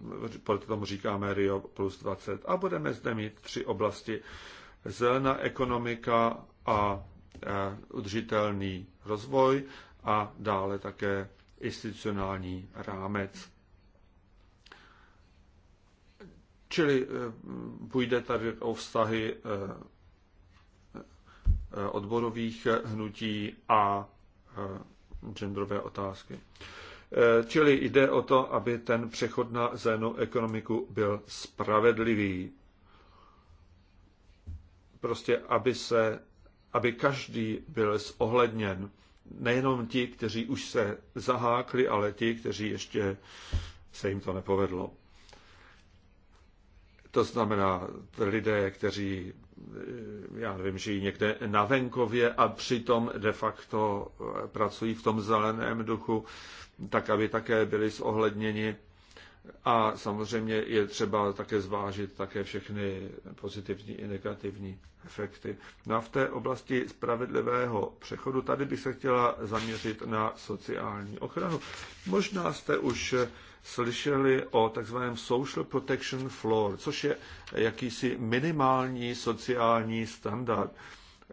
proto tomu říkáme Rio plus 20 a budeme zde mít tři oblasti zelená ekonomika a e, udržitelný rozvoj a dále také institucionální rámec. Čili e, půjde tady o vztahy e, odborových hnutí a genderové otázky. Čili jde o to, aby ten přechod na zelenou ekonomiku byl spravedlivý prostě aby, se, aby každý byl zohledněn. Nejenom ti, kteří už se zahákli, ale ti, kteří ještě se jim to nepovedlo. To znamená lidé, kteří, já nevím, žijí někde na venkově a přitom de facto pracují v tom zeleném duchu, tak aby také byli zohledněni a samozřejmě je třeba také zvážit také všechny pozitivní i negativní efekty. No a v té oblasti spravedlivého přechodu tady bych se chtěla zaměřit na sociální ochranu. Možná jste už slyšeli o takzvaném Social Protection Floor, což je jakýsi minimální sociální standard.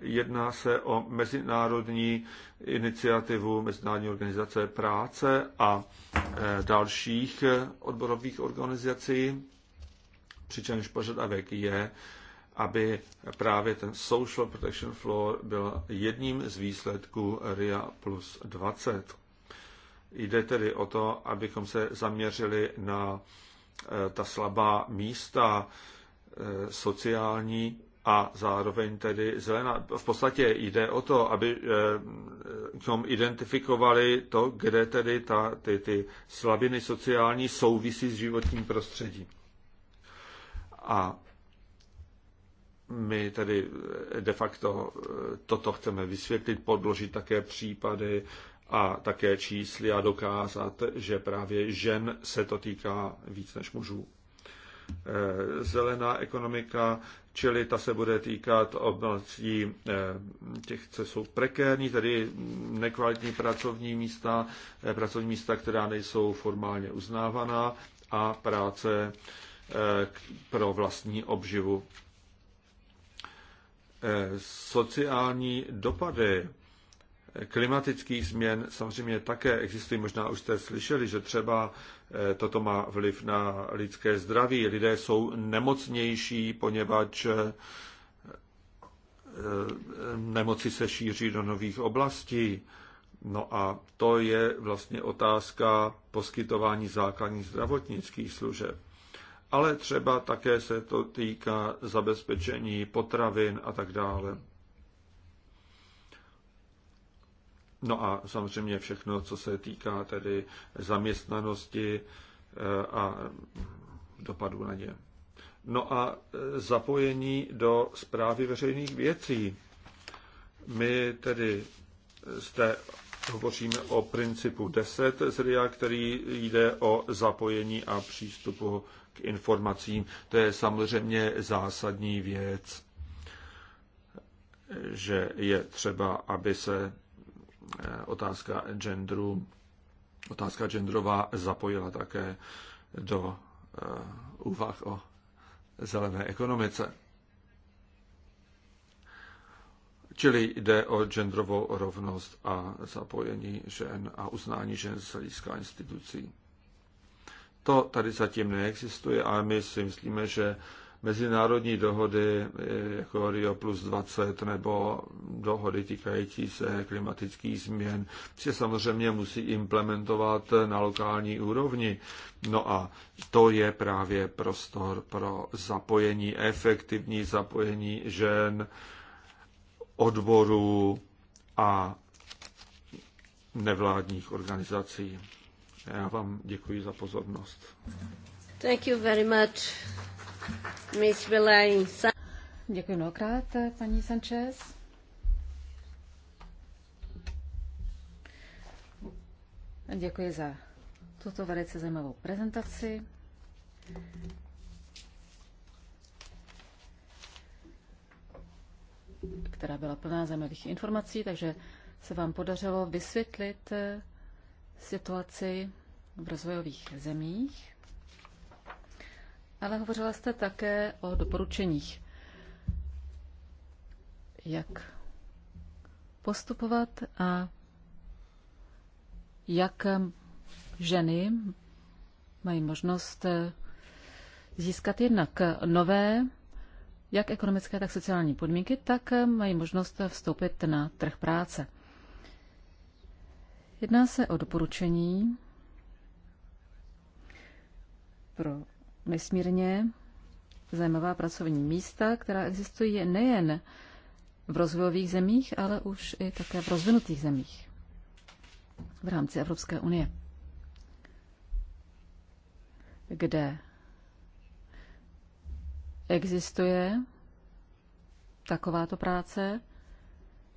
Jedná se o mezinárodní iniciativu Mezinárodní organizace práce a e, dalších e, odborových organizací, přičemž požadavek je, aby právě ten Social Protection Floor byl jedním z výsledků RIA plus 20. Jde tedy o to, abychom se zaměřili na e, ta slabá místa sociální a zároveň tedy zelená. V podstatě jde o to, aby k eh, tomu identifikovali to, kde tedy ta, ty, ty slabiny sociální souvisí s životním prostředím. A my tedy eh, de facto eh, toto chceme vysvětlit, podložit také případy a také čísly a dokázat, že právě žen se to týká víc než mužů. Zelená ekonomika čili ta se bude týkat oblastí eh, těch, co jsou prekérní, tedy nekvalitní pracovní místa, eh, pracovní místa, která nejsou formálně uznávaná a práce eh, pro vlastní obživu. Sociální dopady klimatických změn samozřejmě také existují. Možná už jste slyšeli, že třeba eh, toto má vliv na lidské zdraví. Lidé jsou nemocnější, poněvadž eh, eh, nemoci se šíří do nových oblastí. No a to je vlastně otázka poskytování základních zdravotnických služeb. Ale třeba také se to týká zabezpečení potravin a tak dále. No a samozřejmě všechno, co se týká tedy zaměstnanosti eh, a dopadů na ně. No a eh, zapojení do zprávy veřejných věcí. My tedy eh, zde hovoříme o principu 10 z RIA, který jde o zapojení a přístupu k informacím. To je samozřejmě zásadní věc, že je třeba, aby se Eh, otázka genderu, otázka genderová zapojila také do eh, úvah o zelené ekonomice. Čili jde o genderovou rovnost a zapojení žen a uznání žen z hlediska institucí. To tady zatím neexistuje, ale my si myslíme, že mezinárodní dohody eh, jako Rio plus 20 nebo dohody týkající se klimatických změn se samozřejmě musí implementovat na lokální úrovni. No a to je právě prostor pro zapojení, efektivní zapojení žen, odborů a nevládních organizací. Já vám děkuji za pozornost. Thank you very much. Miss Villain. Děkuji mnohokrát, paní Sanchez. Děkuji za tuto velice zajímavou prezentaci. která byla plná zajímavých informací, takže se vám podařilo vysvětlit eh, situaci v rozvojových zemích. Ale hovořila jste také o doporučeních. Jak postupovat a jak ženy mají možnost získat jednak nové, jak ekonomické, tak sociální podmínky, tak mají možnost vstoupit na trh práce. Jedná se o doporučení pro nesmírně zajímavá pracovní místa, která existují nejen v rozvojových zemích, ale už i také v rozvinutých zemích v rámci Evropské unie, kde existuje takováto práce,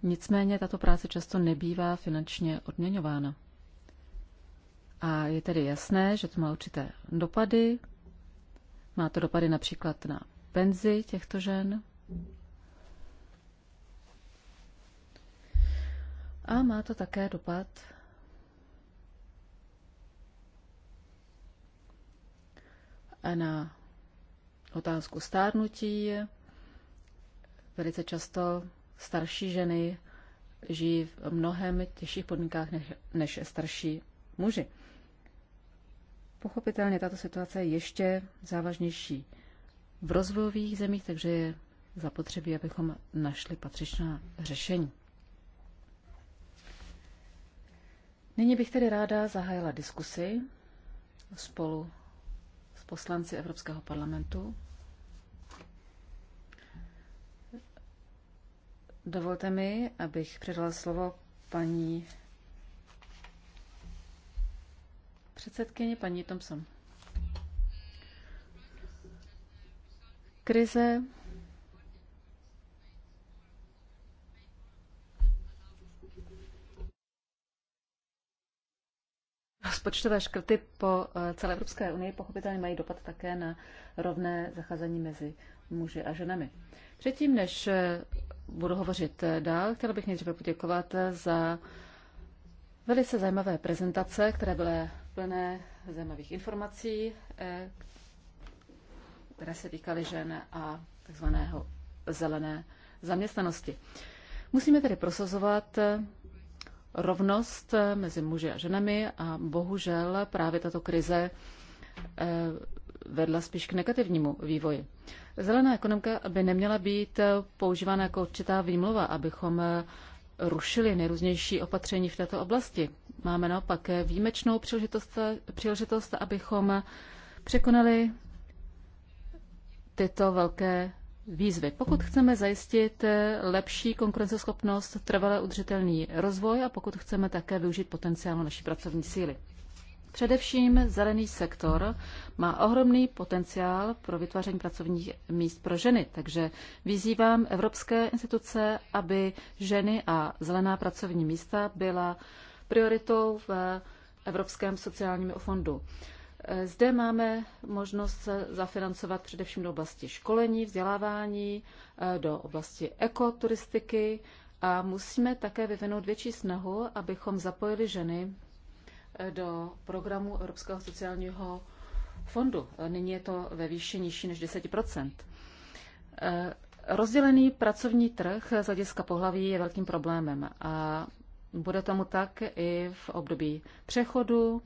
nicméně tato práce často nebývá finančně odměňována. A je tedy jasné, že to má určité dopady má to dopady například na penzi těchto žen. A má to také dopad na otázku stárnutí. Velice často starší ženy žijí v mnohem těžších podmínkách než, než starší muži. Pochopitelně tato situace je ještě závažnější v rozvojových zemích, takže je zapotřebí, abychom našli patřičná řešení. Nyní bych tedy ráda zahájila diskusi spolu s poslanci Evropského parlamentu. Dovolte mi, abych předala slovo paní předsedkyně paní Thompson. Krize Rozpočtové škrty po eh, celé Evropské unii pochopitelně mají dopad také na rovné zacházení mezi muži a ženami. Předtím, než eh, budu hovořit eh, dál, chtěla bych nejdříve poděkovat za velice zajímavé prezentace, které byly plné zajímavých informací, eh, které se týkaly žen a takzvaného zelené zaměstnanosti. Musíme tedy prosazovat eh, rovnost eh, mezi muži a ženami a bohužel právě tato krize vedla spíš k negativnímu vývoji. Zelená ekonomika by neměla být používána jako určitá výmluva, abychom rušili nejrůznější opatření v této oblasti. Máme naopak výjimečnou příležitost, příležitost abychom překonali tyto velké výzvy. Pokud chceme zajistit lepší konkurenceschopnost, trvale udržitelný rozvoj a pokud chceme také využít potenciál naší pracovní síly. Především zelený sektor má ohromný potenciál pro vytváření pracovních míst pro ženy, takže vyzývám evropské instituce, aby ženy a zelená pracovní místa byla prioritou v Evropském sociálním fondu. Zde máme možnost zafinancovat především do oblasti školení, vzdělávání, do oblasti ekoturistiky a musíme také vyvinout větší snahu, abychom zapojili ženy do programu Evropského sociálního fondu. Nyní je to ve výši nižší než 10 eh, Rozdělený pracovní trh z hlediska pohlaví je velkým problémem a bude tomu tak i v období přechodu,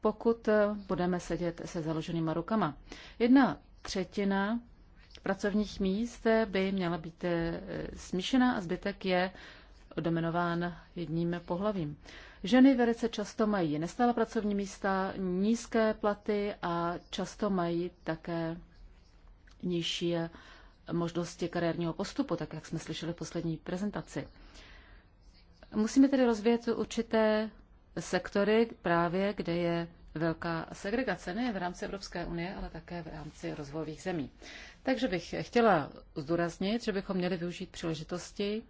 pokud budeme sedět se založenýma rukama. Jedna třetina pracovních míst by měla být eh, smíšená a zbytek je dominován jedním pohlavím. Ženy velice často mají nestále pracovní místa, nízké platy a často mají také nižší možnosti kariérního postupu, tak jak jsme slyšeli v poslední prezentaci. Musíme tedy rozvíjet určité sektory právě, kde je velká segregace ne v rámci Evropské unie, ale také v rámci rozvojových zemí. Takže bych chtěla zdůraznit, že bychom měli využít příležitosti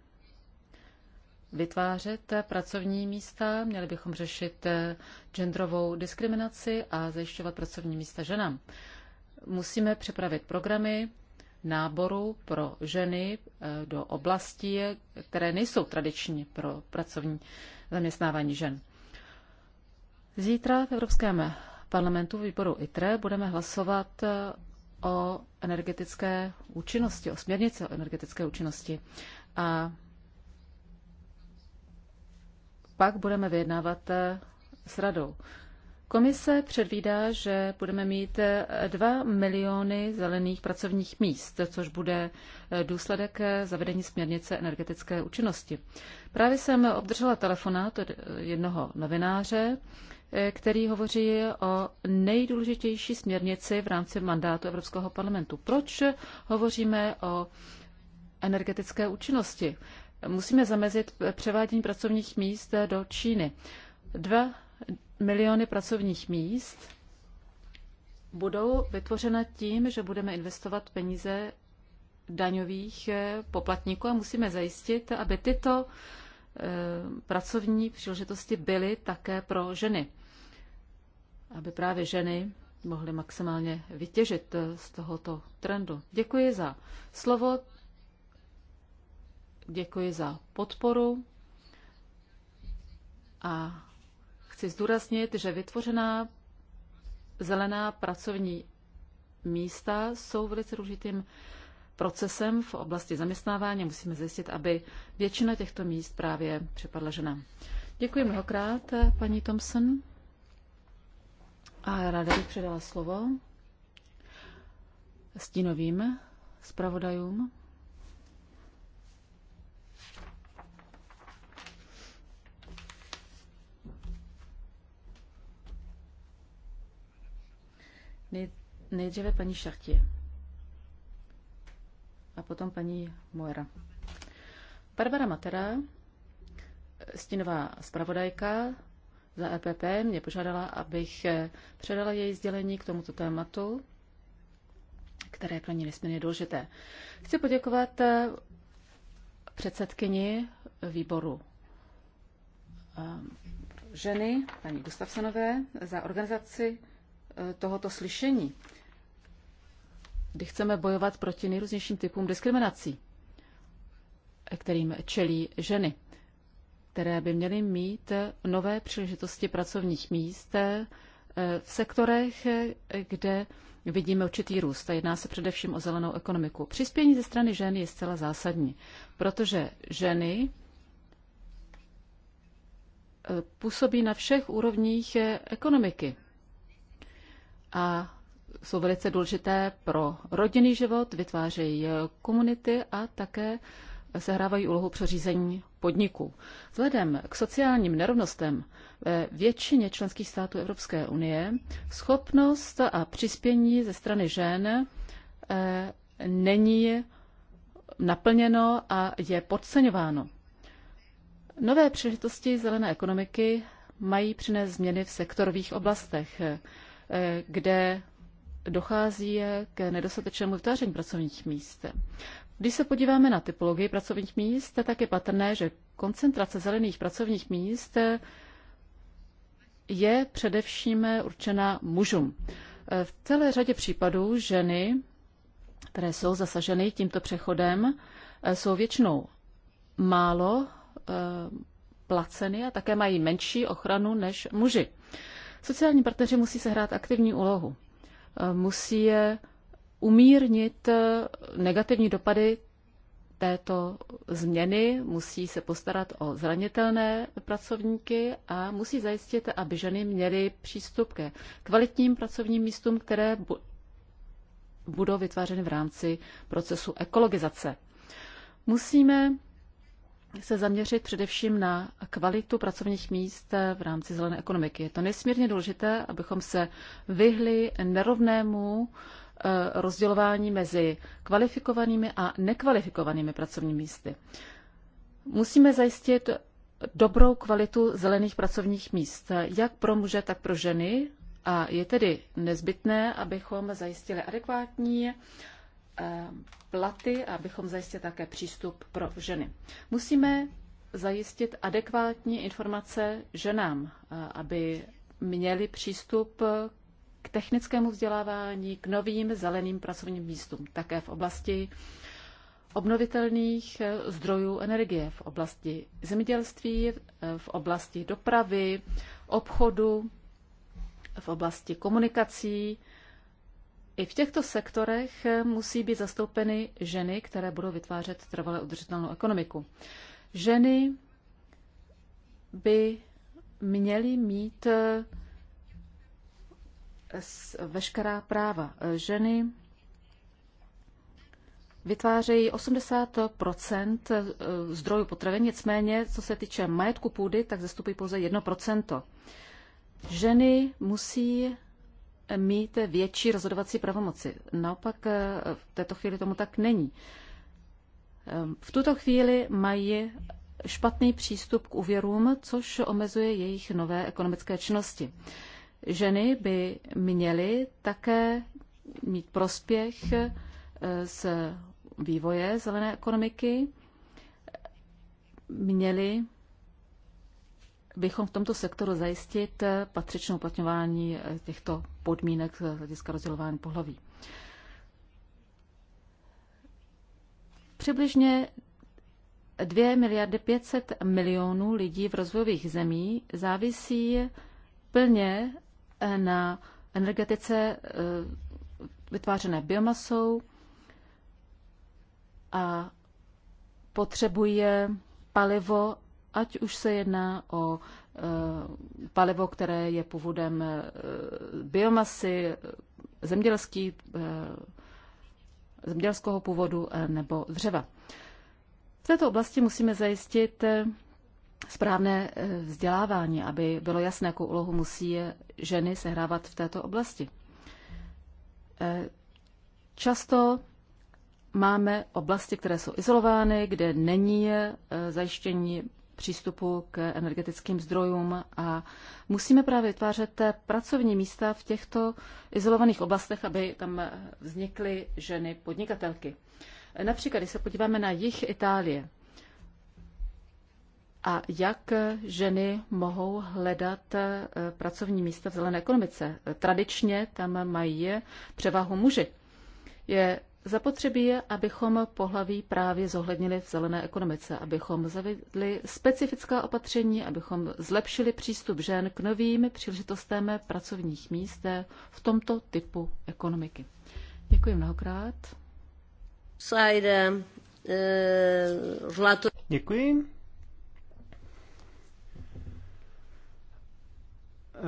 vytvářet pracovní místa, měli bychom řešit eh, genderovou diskriminaci a zajišťovat pracovní místa ženám. Musíme připravit programy náboru pro ženy eh, do oblastí, eh, které nejsou tradiční pro pracovní zaměstnávání žen. Zítra v Evropském parlamentu výboru ITRE budeme hlasovat o energetické účinnosti, o směrnici o energetické účinnosti. A pak budeme vyjednávat eh, s radou. Komise předvídá, že budeme mít 2 eh, miliony zelených pracovních míst, což bude eh, důsledek zavedení směrnice energetické účinnosti. Právě jsem obdržela telefonát od jednoho novináře, který hovoří o nejdůležitější směrnici v rámci mandátu Evropského parlamentu. Proč hovoříme o energetické účinnosti? musíme zamezit převádění pracovních míst do Číny. Dva miliony pracovních míst budou vytvořena tím, že budeme investovat peníze daňových eh, poplatníků a musíme zajistit, aby tyto eh, pracovní příležitosti byly také pro ženy. Aby právě ženy mohly maximálně vytěžit eh, z tohoto trendu. Děkuji za slovo děkuji za podporu a chci zdůraznit, že vytvořená zelená pracovní místa jsou velice důležitým procesem v oblasti zaměstnávání. Musíme zjistit, aby většina těchto míst právě připadla ženám. Děkuji mnohokrát, paní Thompson. A ráda bych předala slovo stínovým zpravodajům. Nejdříve paní Šachtě a potom paní Moera. Barbara Matera, stinová zpravodajka za EPP, mě požádala, abych eh, předala její sdělení k tomuto tématu, které je pro ní nesmírně důležité. Chci poděkovat eh, předsedkyni výboru eh, ženy, paní Gustavsonové, za organizaci Eh, tohoto slyšení, kdy chceme bojovat proti nejrůznějším typům diskriminací, eh, kterým čelí ženy, které by měly mít nové příležitosti pracovních míst eh, v sektorech, kde vidíme určitý růst a jedná se především o zelenou ekonomiku. Přispění ze strany žen je zcela zásadní, protože ženy působí na všech úrovních ekonomiky a jsou velice důležité pro rodinný život, vytvářejí komunity a také sehrávají úlohu při řízení podniků. Vzhledem k sociálním nerovnostem ve většině členských států Evropské unie schopnost a přispění ze strany žen eh, není naplněno a je podceňováno. Nové příležitosti zelené ekonomiky mají přinést změny v sektorových oblastech kde dochází k nedostatečnému vytváření pracovních míst. Když se podíváme na typologii pracovních míst, tak je patrné, že koncentrace zelených pracovních míst je především určena mužům. V celé řadě případů ženy, které jsou zasaženy tímto přechodem, jsou většinou málo eh, placeny a také mají menší ochranu než muži. Sociální partneři musí sehrát aktivní úlohu. Eh, musí je umírnit eh, negativní dopady této změny, musí se postarat o zranitelné pracovníky a musí zajistit, aby ženy měly přístup ke kvalitním pracovním místům, které budou vytvářeny v rámci procesu ekologizace. Musíme se zaměřit především na kvalitu pracovních míst v rámci zelené ekonomiky. Je to nesmírně důležité, abychom se vyhli nerovnému eh, rozdělování mezi kvalifikovanými a nekvalifikovanými pracovními místy. Musíme zajistit dobrou kvalitu zelených pracovních míst, jak pro muže, tak pro ženy. A je tedy nezbytné, abychom zajistili adekvátní Eh, platy a abychom zajistili také přístup pro ženy. Musíme zajistit adekvátní informace ženám, eh, aby měli přístup k technickému vzdělávání, k novým zeleným pracovním místům, také v oblasti obnovitelných eh, zdrojů energie, v oblasti zemědělství, v oblasti dopravy, obchodu, v oblasti komunikací, i v těchto sektorech musí být zastoupeny ženy, které budou vytvářet trvale udržitelnou ekonomiku. Ženy by měly mít eh, veškerá práva. Ženy vytvářejí 80 eh, zdrojů potravin, nicméně, co se týče majetku půdy, tak zastupují pouze 1 Ženy musí mít větší rozhodovací pravomoci. Naopak eh, v této chvíli tomu tak není. Ehm, v tuto chvíli mají špatný přístup k úvěrům, což omezuje jejich nové ekonomické činnosti. Ženy by měly také mít prospěch eh, z vývoje zelené ekonomiky, měly bychom v tomto sektoru zajistit patřičné uplatňování eh, těchto podmínek z hlediska rozdělování pohlaví. Přibližně 2 miliardy 500 milionů lidí v rozvojových zemí závisí plně eh, na energetice eh, vytvářené biomasou a potřebuje palivo ať už se jedná o eh, palivo, které je původem eh, biomasy, eh, zemědělský, zemědělského původu nebo dřeva. V této oblasti musíme zajistit správné vzdělávání, aby bylo jasné, jakou úlohu musí ženy sehrávat v této oblasti. Často máme oblasti, které jsou izolovány, kde není zajištění přístupu k energetickým zdrojům a musíme právě vytvářet pracovní místa v těchto izolovaných oblastech, aby tam vznikly ženy podnikatelky. Například, když se podíváme na jich Itálie a jak ženy mohou hledat eh, pracovní místa v zelené ekonomice. Tradičně tam mají převahu muži. Je Zapotřebí je, abychom pohlaví právě zohlednili v zelené ekonomice, abychom zavedli specifická opatření, abychom zlepšili přístup žen k novým příležitostem pracovních míst v tomto typu ekonomiky. Děkuji mnohokrát. Eh, Děkuji. Eh,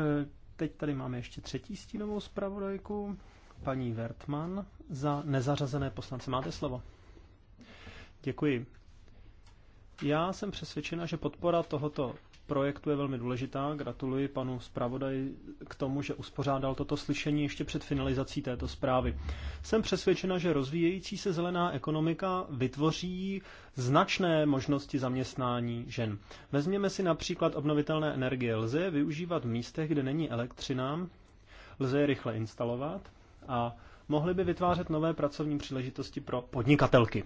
teď tady máme ještě třetí stínovou zpravodajku paní Vertman za nezařazené poslance. Máte slovo. Děkuji. Já jsem přesvědčena, že podpora tohoto projektu je velmi důležitá. Gratuluji panu zpravodaji k tomu, že uspořádal toto slyšení ještě před finalizací této zprávy. Jsem přesvědčena, že rozvíjející se zelená ekonomika vytvoří značné možnosti zaměstnání žen. Vezměme si například obnovitelné energie. Lze je využívat v místech, kde není elektřina, lze je rychle instalovat a mohly by vytvářet nové pracovní příležitosti pro podnikatelky.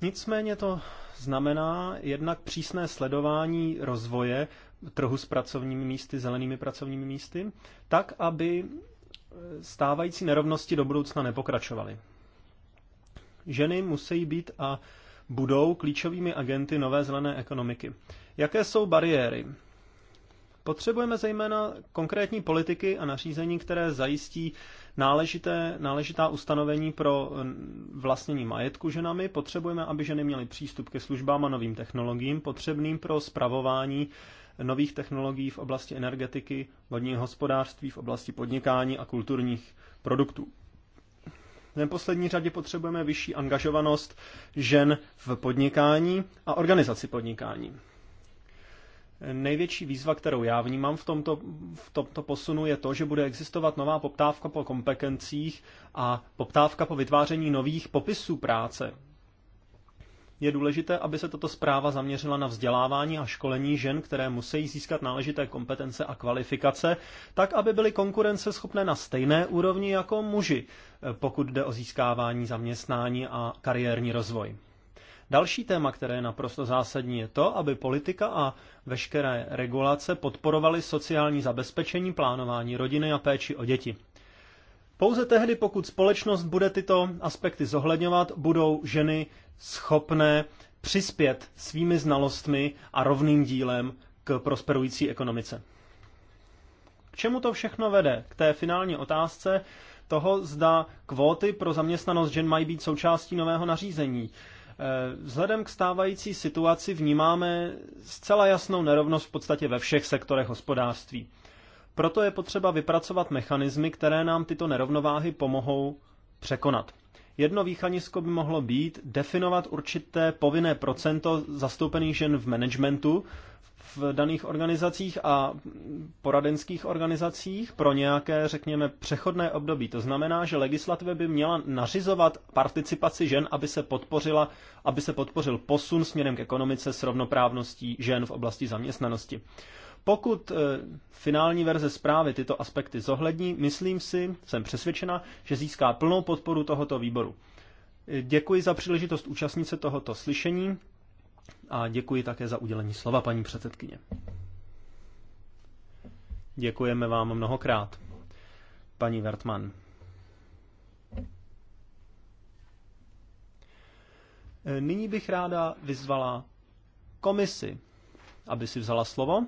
Nicméně to znamená jednak přísné sledování rozvoje trhu s pracovními místy, zelenými pracovními místy, tak, aby stávající nerovnosti do budoucna nepokračovaly. Ženy musí být a budou klíčovými agenty nové zelené ekonomiky. Jaké jsou bariéry? Potřebujeme zejména konkrétní politiky a nařízení, které zajistí náležité, náležitá ustanovení pro mm, vlastnění majetku ženami. Potřebujeme, aby ženy měly přístup ke službám a novým technologiím potřebným pro spravování nových technologií v oblasti energetiky, vodního hospodářství, v oblasti podnikání a kulturních produktů. V neposlední řadě potřebujeme vyšší angažovanost žen v podnikání a organizaci podnikání. Největší výzva, kterou já vnímám v tomto, v tomto posunu, je to, že bude existovat nová poptávka po kompetencích a poptávka po vytváření nových popisů práce. Je důležité, aby se tato zpráva zaměřila na vzdělávání a školení žen, které musí získat náležité kompetence a kvalifikace, tak aby byly konkurenceschopné na stejné úrovni jako muži, pokud jde o získávání zaměstnání a kariérní rozvoj. Další téma, které je naprosto zásadní, je to, aby politika a veškeré regulace podporovaly sociální zabezpečení, plánování rodiny a péči o děti. Pouze tehdy, pokud společnost bude tyto aspekty zohledňovat, budou ženy schopné přispět svými znalostmi a rovným dílem k prosperující ekonomice. K čemu to všechno vede? K té finální otázce toho, zda kvóty pro zaměstnanost žen mají být součástí nového nařízení. Eh, vzhledem k stávající situaci vnímáme zcela jasnou nerovnost v podstatě ve všech sektorech hospodářství. Proto je potřeba vypracovat mechanismy, které nám tyto nerovnováhy pomohou překonat. Jedno výchanisko by mohlo být definovat určité povinné procento zastoupených žen v managementu, v daných organizacích a poradenských organizacích pro nějaké, řekněme, přechodné období. To znamená, že legislativa by měla nařizovat participaci žen, aby se, podpořila, aby se podpořil posun směrem k ekonomice s rovnoprávností žen v oblasti zaměstnanosti. Pokud e, finální verze zprávy tyto aspekty zohlední, myslím si, jsem přesvědčena, že získá plnou podporu tohoto výboru. E, děkuji za příležitost účastnit se tohoto slyšení a děkuji také za udělení slova, paní předsedkyně. Děkujeme vám mnohokrát, paní Vertman. Nyní bych ráda vyzvala komisi, aby si vzala slovo.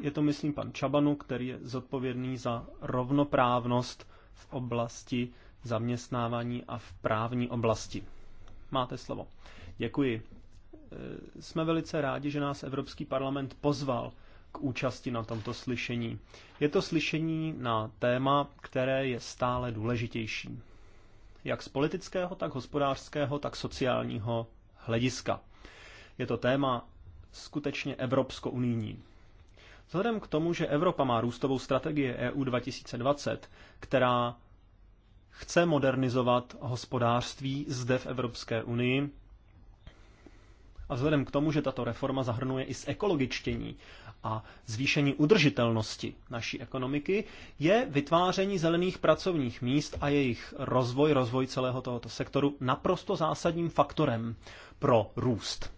Je to, myslím, pan Čabanu, který je zodpovědný za rovnoprávnost v oblasti zaměstnávání a v právní oblasti. Máte slovo. Děkuji. E, jsme velice rádi, že nás Evropský parlament pozval k účasti na tomto slyšení. Je to slyšení na téma, které je stále důležitější. Jak z politického, tak hospodářského, tak sociálního hlediska. Je to téma skutečně evropsko-unijní. Vzhledem k tomu, že Evropa má růstovou strategii EU 2020, která chce modernizovat hospodářství zde v Evropské unii, a vzhledem k tomu, že tato reforma zahrnuje i z ekologičtění a zvýšení udržitelnosti naší ekonomiky, je vytváření zelených pracovních míst a jejich rozvoj, rozvoj celého tohoto sektoru naprosto zásadním faktorem pro růst.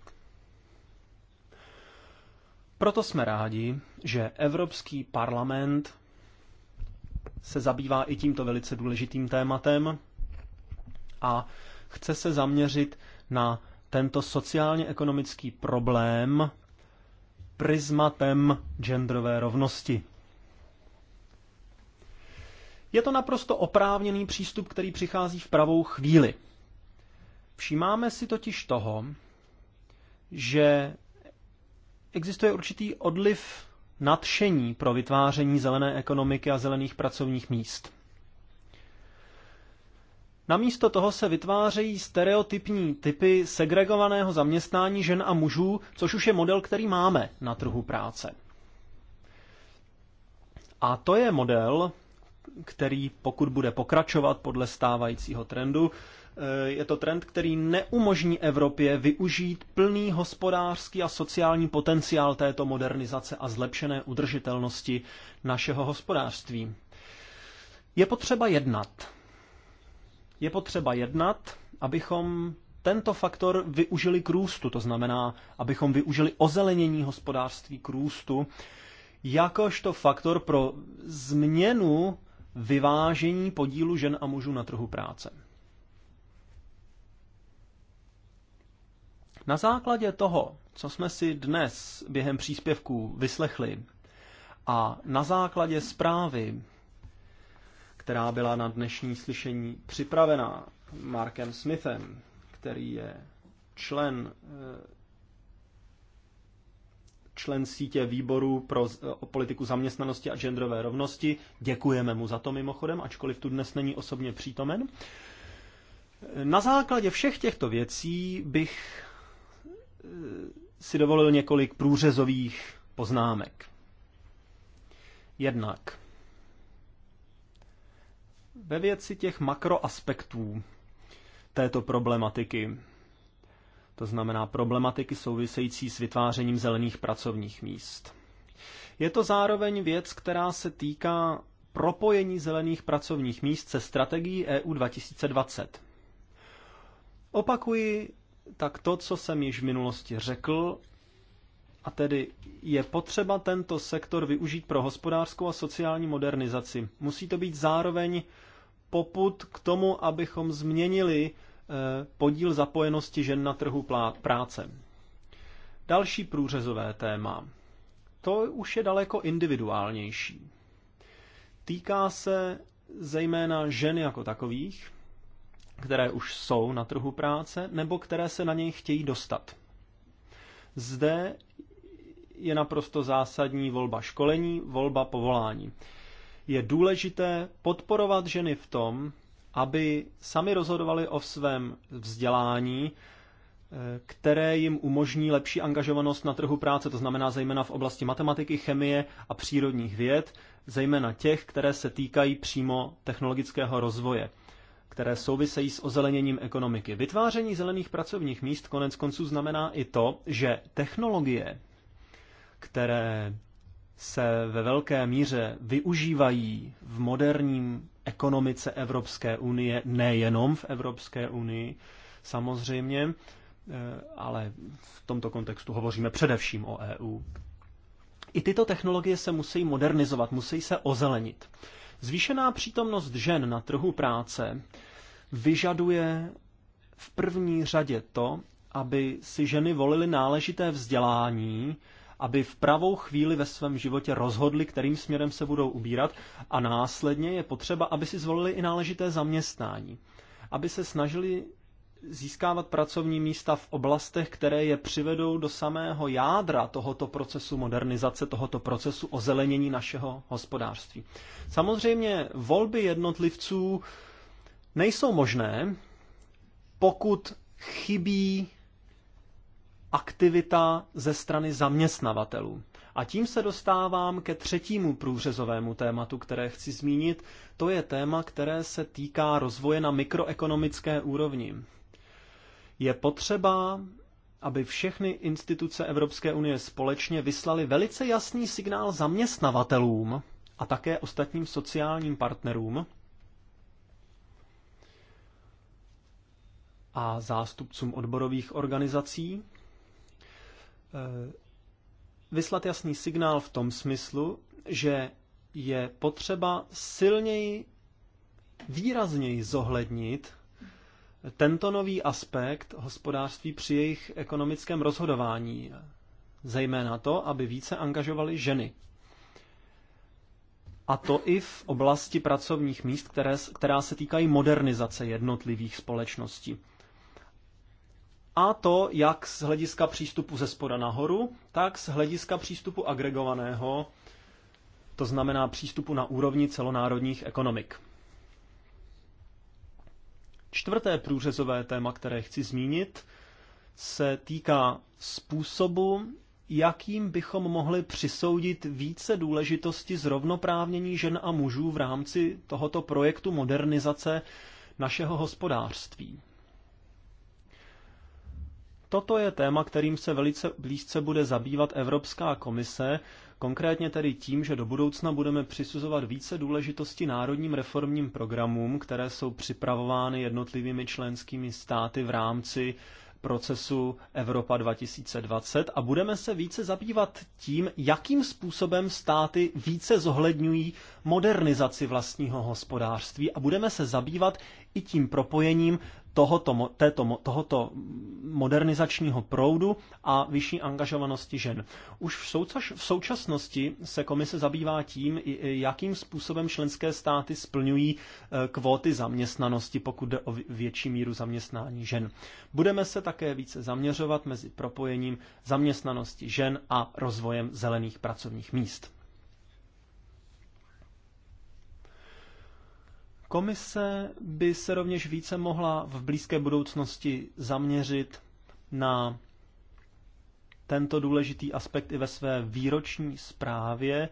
Proto jsme rádi, že Evropský parlament se zabývá i tímto velice důležitým tématem a chce se zaměřit na tento sociálně-ekonomický problém prismatem genderové rovnosti. Je to naprosto oprávněný přístup, který přichází v pravou chvíli. Všímáme si totiž toho, že existuje určitý odliv nadšení pro vytváření zelené ekonomiky a zelených pracovních míst. Namísto toho se vytvářejí stereotypní typy segregovaného zaměstnání žen a mužů, což už je model, který máme na trhu práce. A to je model, který pokud bude pokračovat podle stávajícího trendu, Eh, je to trend, který neumožní Evropě využít plný hospodářský a sociální potenciál této modernizace a zlepšené udržitelnosti našeho hospodářství. Je potřeba jednat. Je potřeba jednat, abychom tento faktor využili k růstu, to znamená, abychom využili ozelenění hospodářství k růstu, jakožto faktor pro změnu vyvážení podílu žen a mužů na trhu práce. Na základě toho, co jsme si dnes během příspěvků vyslechli a na základě zprávy, která byla na dnešní slyšení připravená Markem Smithem, který je člen eh, člen sítě výboru pro eh, politiku zaměstnanosti a genderové rovnosti. Děkujeme mu za to mimochodem, ačkoliv tu dnes není osobně přítomen. Na základě všech těchto věcí bych Eh, si dovolil několik průřezových poznámek. Jednak ve věci těch makroaspektů této problematiky, to znamená problematiky související s vytvářením zelených pracovních míst. Je to zároveň věc, která se týká propojení zelených pracovních míst se strategií EU 2020. Opakuji tak to, co jsem již v minulosti řekl, a tedy je potřeba tento sektor využít pro hospodářskou a sociální modernizaci. Musí to být zároveň poput k tomu, abychom změnili eh, podíl zapojenosti žen na trhu práce. Další průřezové téma. To už je daleko individuálnější. Týká se zejména žen jako takových, které už jsou na trhu práce nebo které se na něj chtějí dostat. Zde je naprosto zásadní volba školení, volba povolání. Je důležité podporovat ženy v tom, aby sami rozhodovali o svém vzdělání, eh, které jim umožní lepší angažovanost na trhu práce, to znamená zejména v oblasti matematiky, chemie a přírodních věd, zejména těch, které se týkají přímo technologického rozvoje které souvisejí s ozeleněním ekonomiky. Vytváření zelených pracovních míst konec konců znamená i to, že technologie, které se ve velké míře využívají v moderním ekonomice Evropské unie, nejenom v Evropské unii samozřejmě, eh, ale v tomto kontextu hovoříme především o EU. I tyto technologie se musí modernizovat, musí se ozelenit. Zvýšená přítomnost žen na trhu práce vyžaduje v první řadě to, aby si ženy volily náležité vzdělání, aby v pravou chvíli ve svém životě rozhodly, kterým směrem se budou ubírat a následně je potřeba, aby si zvolili i náležité zaměstnání, aby se snažili získávat pracovní místa v oblastech, které je přivedou do samého jádra tohoto procesu modernizace, tohoto procesu ozelenění našeho hospodářství. Samozřejmě volby jednotlivců nejsou možné, pokud chybí aktivita ze strany zaměstnavatelů. A tím se dostávám ke třetímu průřezovému tématu, které chci zmínit. To je téma, které se týká rozvoje na mikroekonomické úrovni. Je potřeba, aby všechny instituce Evropské unie společně vyslali velice jasný signál zaměstnavatelům a také ostatním sociálním partnerům a zástupcům odborových organizací, eh, vyslat jasný signál v tom smyslu, že je potřeba silněji, výrazněji zohlednit tento nový aspekt hospodářství při jejich ekonomickém rozhodování, zejména to, aby více angažovali ženy. A to i v oblasti pracovních míst, které, která se týkají modernizace jednotlivých společností. A to jak z hlediska přístupu ze spoda nahoru, tak z hlediska přístupu agregovaného, to znamená přístupu na úrovni celonárodních ekonomik. Čtvrté průřezové téma, které chci zmínit, se týká způsobu, jakým bychom mohli přisoudit více důležitosti zrovnoprávnění žen a mužů v rámci tohoto projektu modernizace našeho hospodářství. Toto je téma, kterým se velice blízce bude zabývat Evropská komise, konkrétně tedy tím, že do budoucna budeme přisuzovat více důležitosti národním reformním programům, které jsou připravovány jednotlivými členskými státy v rámci procesu Evropa 2020 a budeme se více zabývat tím, jakým způsobem státy více zohledňují modernizaci vlastního hospodářství a budeme se zabývat i tím propojením tohoto, této, tohoto modernizačního proudu a vyšší angažovanosti žen. Už v, v současnosti se komise zabývá tím, jakým způsobem členské státy splňují e, kvóty zaměstnanosti, pokud jde o větší míru zaměstnání žen. Budeme se také více zaměřovat mezi propojením zaměstnanosti žen a rozvojem zelených pracovních míst. Komise by se rovněž více mohla v blízké budoucnosti zaměřit na tento důležitý aspekt i ve své výroční zprávě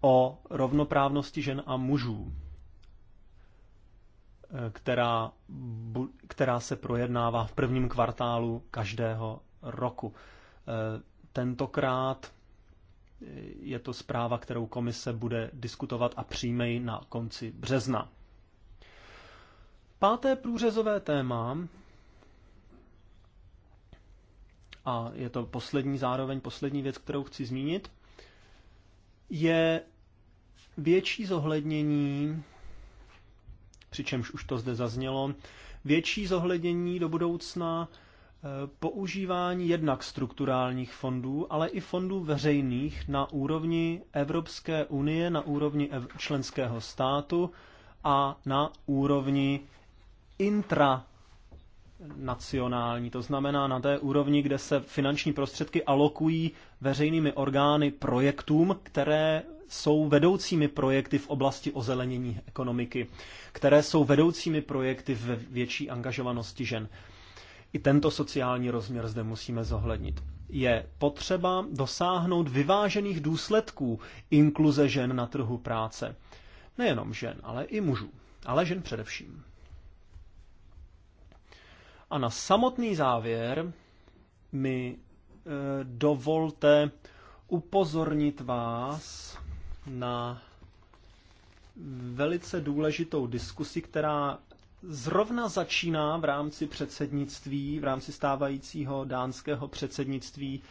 o rovnoprávnosti žen a mužů, eh, která, která se projednává v prvním kvartálu každého roku. Eh, tentokrát je to zpráva, kterou komise bude diskutovat a přijme ji na konci března. Páté průřezové téma, a je to poslední zároveň, poslední věc, kterou chci zmínit, je větší zohlednění, přičemž už to zde zaznělo, větší zohlednění do budoucna používání jednak strukturálních fondů, ale i fondů veřejných na úrovni Evropské unie, na úrovni členského státu a na úrovni intra nacionální, to znamená na té úrovni, kde se finanční prostředky alokují veřejnými orgány projektům, které jsou vedoucími projekty v oblasti ozelenění ekonomiky, které jsou vedoucími projekty ve větší angažovanosti žen. I tento sociální rozměr zde musíme zohlednit. Je potřeba dosáhnout vyvážených důsledků inkluze žen na trhu práce. Nejenom žen, ale i mužů. Ale žen především. A na samotný závěr mi e, dovolte upozornit vás na velice důležitou diskusi, která zrovna začíná v rámci předsednictví, v rámci stávajícího dánského předsednictví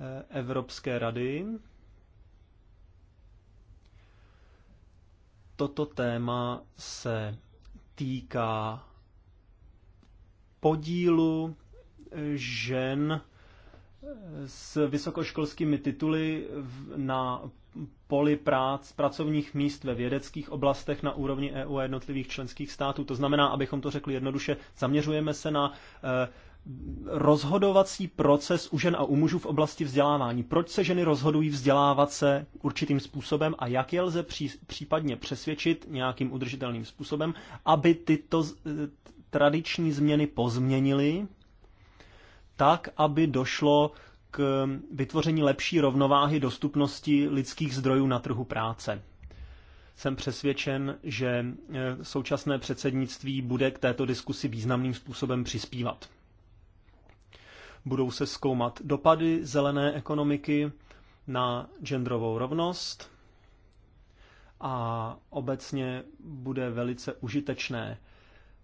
eh, Evropské rady. Toto téma se týká podílu eh, žen eh, s vysokoškolskými tituly na poli prác, pracovních míst ve vědeckých oblastech na úrovni EU a jednotlivých členských států. To znamená, abychom to řekli jednoduše, zaměřujeme se na eh, rozhodovací proces u žen a u mužů v oblasti vzdělávání. Proč se ženy rozhodují vzdělávat se určitým způsobem a jak je lze pří, případně přesvědčit nějakým udržitelným způsobem, aby tyto eh, tradiční změny pozměnily tak, aby došlo k vytvoření lepší rovnováhy dostupnosti lidských zdrojů na trhu práce. Jsem přesvědčen, že e, současné předsednictví bude k této diskusi významným způsobem přispívat. Budou se zkoumat dopady zelené ekonomiky na genderovou rovnost a obecně bude velice užitečné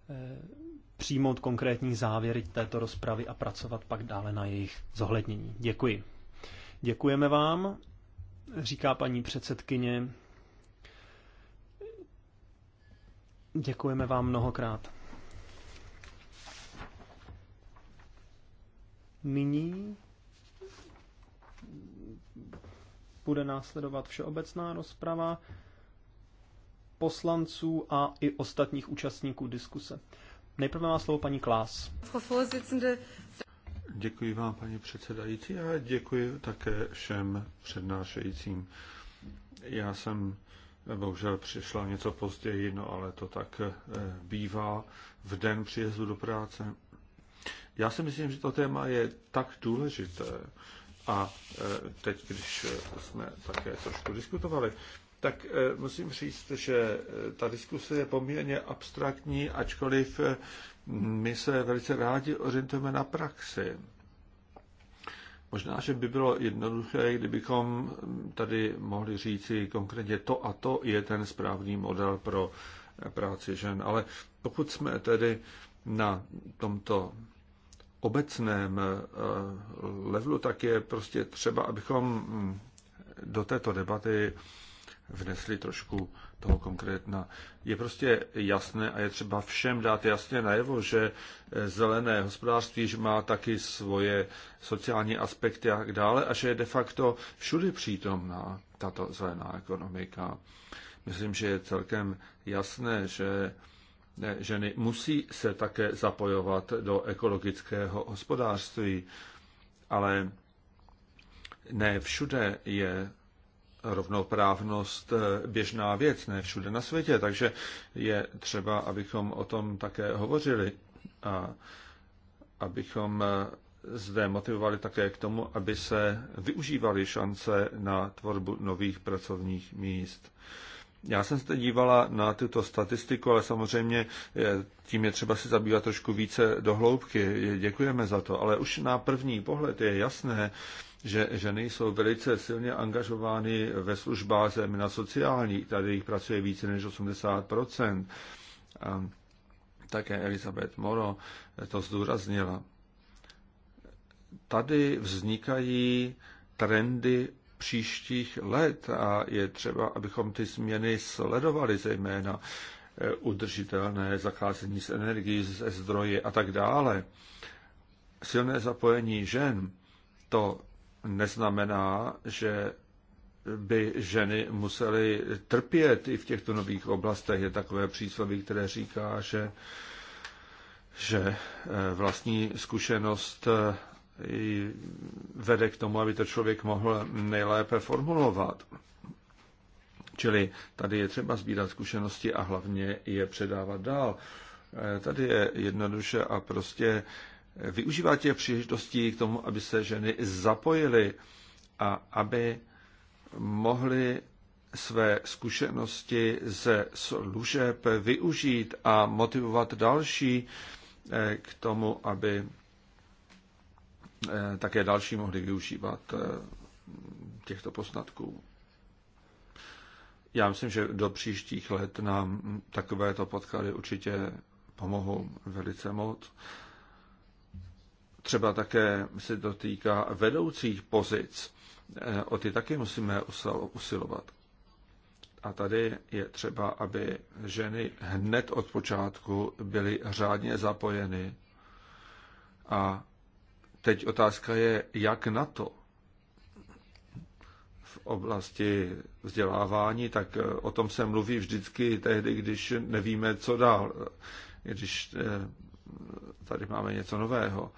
e, přijmout konkrétní závěry této rozpravy a pracovat pak dále na jejich zohlednění. Děkuji. Děkujeme vám, říká paní předsedkyně. Děkujeme vám mnohokrát. Nyní bude následovat všeobecná rozprava poslanců a i ostatních účastníků diskuse. Nejprve má slovo paní Klás. Děkuji vám, paní předsedající, a děkuji také všem přednášejícím. Já jsem eh, bohužel přišla něco později, no ale to tak eh, bývá v den příjezdu do práce. Já si myslím, že to téma je tak důležité a eh, teď, když jsme také trošku diskutovali, tak eh, musím říct, že eh, ta diskuse je poměrně abstraktní, ačkoliv eh, my se velice rádi orientujeme na praxi. Možná, že by bylo jednoduché, kdybychom hm, tady mohli říci konkrétně to a to je ten správný model pro práci žen. Ale pokud jsme tedy na tomto obecném levelu, tak je prostě třeba, abychom hm, do této debaty vnesli trošku toho konkrétna. Je prostě jasné a je třeba všem dát jasně najevo, že e, zelené hospodářství že má taky svoje sociální aspekty a tak dále a že je de facto všude přítomná tato zelená ekonomika. Myslím, že je celkem jasné, že e, ženy musí se také zapojovat do ekologického hospodářství, ale ne všude je rovnoprávnost eh, běžná věc, ne všude na světě, takže je třeba, abychom o tom také hovořili a abychom eh, zde motivovali také k tomu, aby se využívaly šance na tvorbu nových pracovních míst. Já jsem se dívala na tuto statistiku, ale samozřejmě eh, tím je třeba si zabývat trošku více dohloubky. Děkujeme za to, ale už na první pohled je jasné, že ženy jsou velice silně angažovány ve službách zejména sociální, tady jich pracuje více než 80 A také Elizabeth Moro to zdůraznila. Tady vznikají trendy příštích let a je třeba, abychom ty změny sledovali, zejména eh, udržitelné zacházení s energií, ze zdroje a tak dále. Silné zapojení žen, to neznamená, že by ženy musely trpět i v těchto nových oblastech. Je takové přísloví, které říká, že, že eh, vlastní zkušenost eh, vede k tomu, aby to člověk mohl nejlépe formulovat. Čili tady je třeba sbírat zkušenosti a hlavně je předávat dál. Eh, tady je jednoduše a prostě využívá těch příležitostí k tomu, aby se ženy zapojily a aby mohly své zkušenosti ze služeb využít a motivovat další eh, k tomu, aby eh, také další mohli využívat eh, těchto poznatků. Já myslím, že do příštích let nám takovéto podklady určitě pomohou velice moc. Třeba také se to týká vedoucích pozic. Eh, o ty taky musíme usilovat. A tady je třeba, aby ženy hned od počátku byly řádně zapojeny. A teď otázka je, jak na to v oblasti vzdělávání, tak eh, o tom se mluví vždycky tehdy, když nevíme, co dál, eh, když tady máme něco nového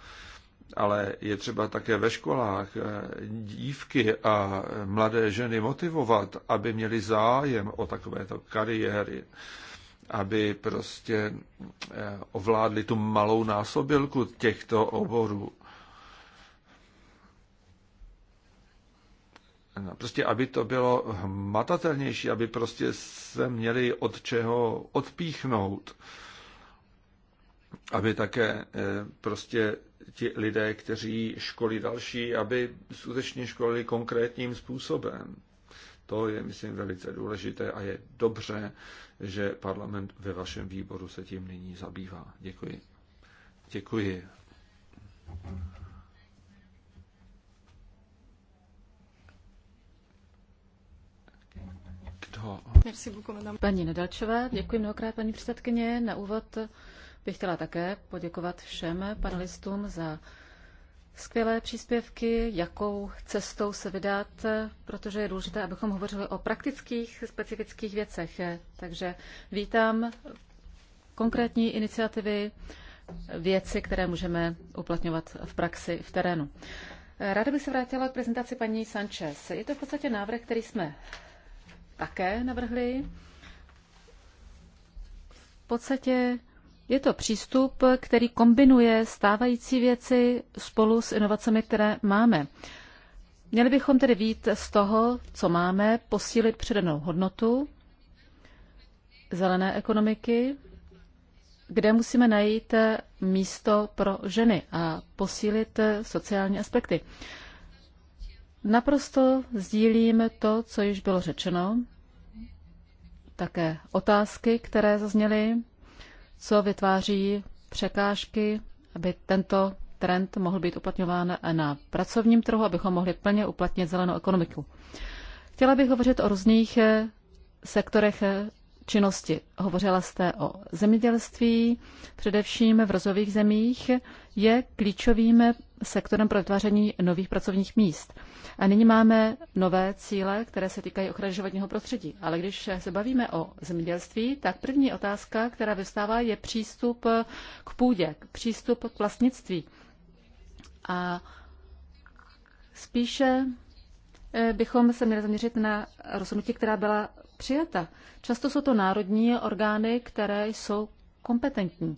ale je třeba také ve školách eh, dívky a eh, mladé ženy motivovat, aby měli zájem o takovéto kariéry, aby prostě eh, ovládli tu malou násobilku těchto oborů. No, prostě, aby to bylo matatelnější, aby prostě se měli od čeho odpíchnout aby také prostě ti lidé, kteří školí další, aby skutečně školili konkrétním způsobem. To je, myslím, velice důležité a je dobře, že parlament ve vašem výboru se tím nyní zabývá. Děkuji. Děkuji. Kdo? Paní Nedalčová, děkuji mnohokrát, paní předsedkyně. Na úvod bych chtěla také poděkovat všem panelistům za skvělé příspěvky, jakou cestou se vydat, protože je důležité, abychom hovořili o praktických, specifických věcech. Takže vítám konkrétní iniciativy, věci, které můžeme uplatňovat v praxi, v terénu. Ráda bych se vrátila k prezentaci paní Sanchez. Je to v podstatě návrh, který jsme také navrhli. V podstatě je to přístup, který kombinuje stávající věci spolu s inovacemi, které máme. Měli bychom tedy vít z toho, co máme, posílit předanou hodnotu zelené ekonomiky, kde musíme najít místo pro ženy a posílit sociální aspekty. Naprosto sdílím to, co již bylo řečeno, také otázky, které zazněly co vytváří překážky, aby tento trend mohl být uplatňován na pracovním trhu, abychom mohli plně uplatnit zelenou ekonomiku. Chtěla bych hovořit o různých eh, sektorech eh, činnosti. Hovořila jste o zemědělství, především v rozových zemích je klíčovým eh, sektorem pro vytváření nových pracovních míst. A nyní máme nové cíle, které se týkají ochrany životního prostředí. Ale když se bavíme o zemědělství, tak první otázka, která vystává, je přístup k půdě, přístup k vlastnictví. A spíše eh, bychom se měli zaměřit na rozhodnutí, která byla přijata. Často jsou to národní orgány, které jsou kompetentní,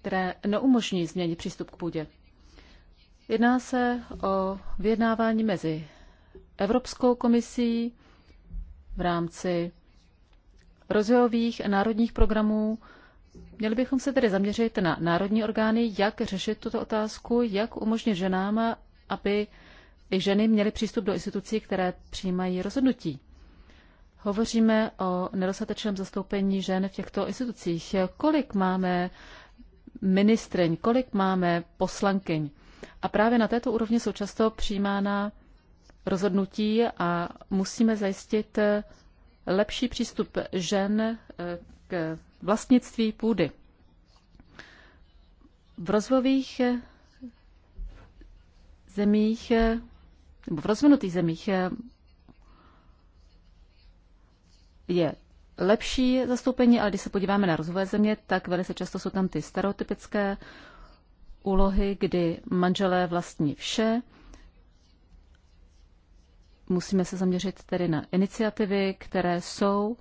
které neumožní změnit přístup k půdě. Jedná se o vyjednávání mezi Evropskou komisí v rámci rozvojových národních programů. Měli bychom se tedy zaměřit na národní orgány, jak řešit tuto otázku, jak umožnit ženám, aby i ženy měly přístup do institucí, které přijímají rozhodnutí. Hovoříme o nedostatečném zastoupení žen v těchto institucích. Kolik máme ministryň, kolik máme poslankyň? A právě na této úrovni jsou často přijímána rozhodnutí a musíme zajistit lepší přístup žen eh, k vlastnictví půdy. V rozvojových eh, zemích eh, nebo v rozvinutých zemích je lepší zastoupení, ale když se podíváme na rozvoje země, tak velice často jsou tam ty stereotypické úlohy, kdy manželé vlastní vše. Musíme se zaměřit tedy na iniciativy, které jsou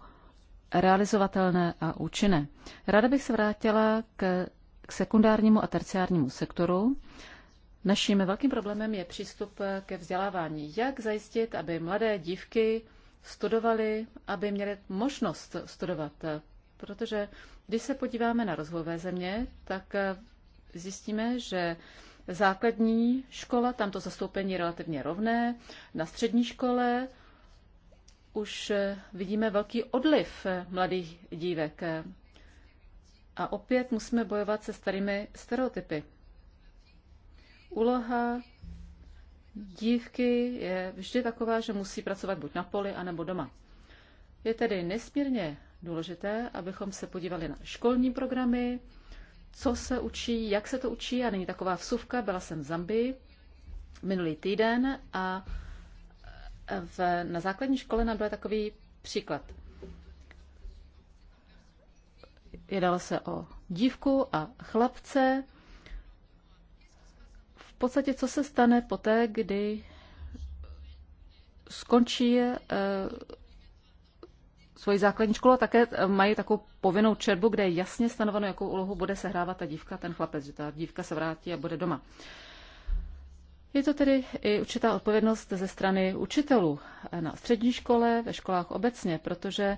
realizovatelné a účinné. Ráda bych se vrátila k, k sekundárnímu a terciárnímu sektoru. Naším velkým problémem je přístup ke vzdělávání. Jak zajistit, aby mladé dívky studovaly, aby měly možnost studovat? Protože když se podíváme na rozvojové země, tak zjistíme, že základní škola, tam to zastoupení je relativně rovné, na střední škole už vidíme velký odliv mladých dívek. A opět musíme bojovat se starými stereotypy. Úloha dívky je vždy taková, že musí pracovat buď na poli, anebo doma. Je tedy nesmírně důležité, abychom se podívali na školní programy, co se učí, jak se to učí. A není taková vsuvka, byla jsem v Zambii minulý týden a e, v, na základní škole nám byl takový příklad. Jedalo se o dívku a chlapce. V podstatě, co se stane poté, kdy skončí e, svoji základní školu a také eh, mají takovou povinnou čerbu, kde je jasně stanoveno, jakou úlohu bude sehrávat ta dívka, ten chlapec, že ta dívka se vrátí a bude doma. Je to tedy i určitá odpovědnost ze strany učitelů eh, na střední škole, ve školách obecně, protože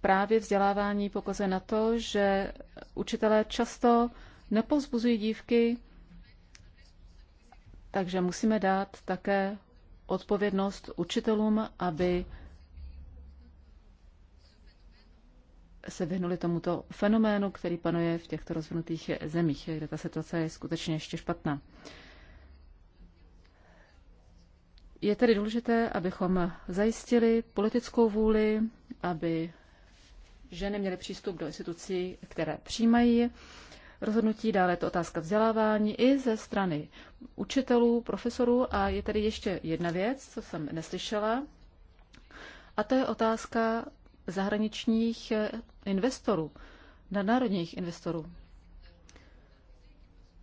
právě vzdělávání pokazuje na to, že učitelé často nepozbuzují dívky, takže musíme dát také odpovědnost učitelům, aby se vyhnuli tomuto fenoménu, který panuje v těchto rozvinutých zemích, kde ta situace je skutečně ještě špatná. Je tedy důležité, abychom zajistili politickou vůli, aby ženy měly přístup do institucí, které přijímají rozhodnutí. Dále je to otázka vzdělávání i ze strany učitelů, profesorů. A je tady ještě jedna věc, co jsem neslyšela, a to je otázka zahraničních eh, investorů, nadnárodních investorů,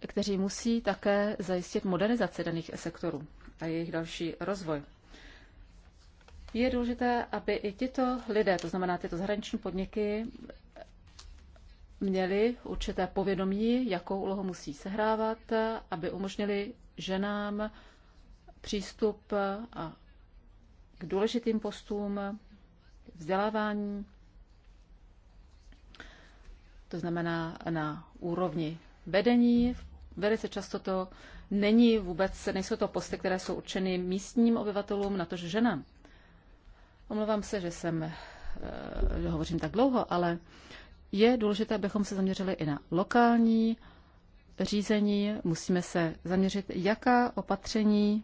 kteří musí také zajistit modernizaci daných sektorů a jejich další rozvoj. Je důležité, aby i tito lidé, to znamená tyto zahraniční podniky, měli určité povědomí, jakou úlohu musí sehrávat, aby umožnili ženám přístup a k důležitým postům vzdělávání, to znamená na úrovni vedení. Velice často to není vůbec, nejsou to posty, které jsou určeny místním obyvatelům, na to, že ženám. Omlouvám se, že jsem eh, že hovořím tak dlouho, ale je důležité, abychom se zaměřili i na lokální řízení. Musíme se zaměřit, jaká opatření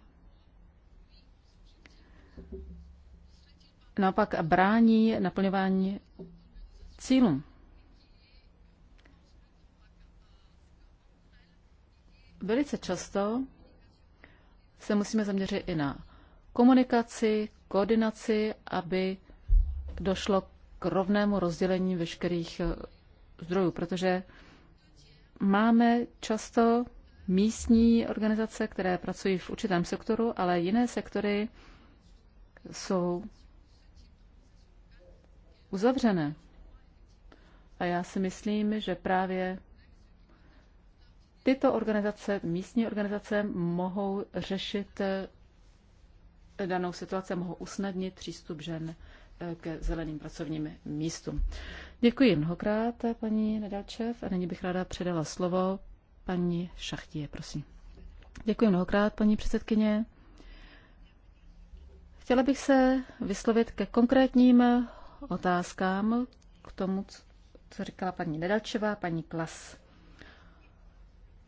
naopak brání naplňování cílů Velice často se musíme zaměřit i na komunikaci, koordinaci, aby došlo k rovnému rozdělení veškerých eh, zdrojů, protože máme často místní organizace, které pracují v určitém sektoru, ale jiné sektory jsou uzavřené. A já si myslím, že právě tyto organizace, místní organizace, mohou řešit eh, danou situaci, mohou usnadnit přístup žen eh, ke zeleným pracovním místům. Děkuji mnohokrát, eh, paní Nedalčev, a nyní bych ráda předala slovo paní Šachtie, prosím. Děkuji mnohokrát, paní předsedkyně. Chtěla bych se vyslovit ke konkrétním otázkám k tomu, co říkala paní Nedalčová, paní Klas.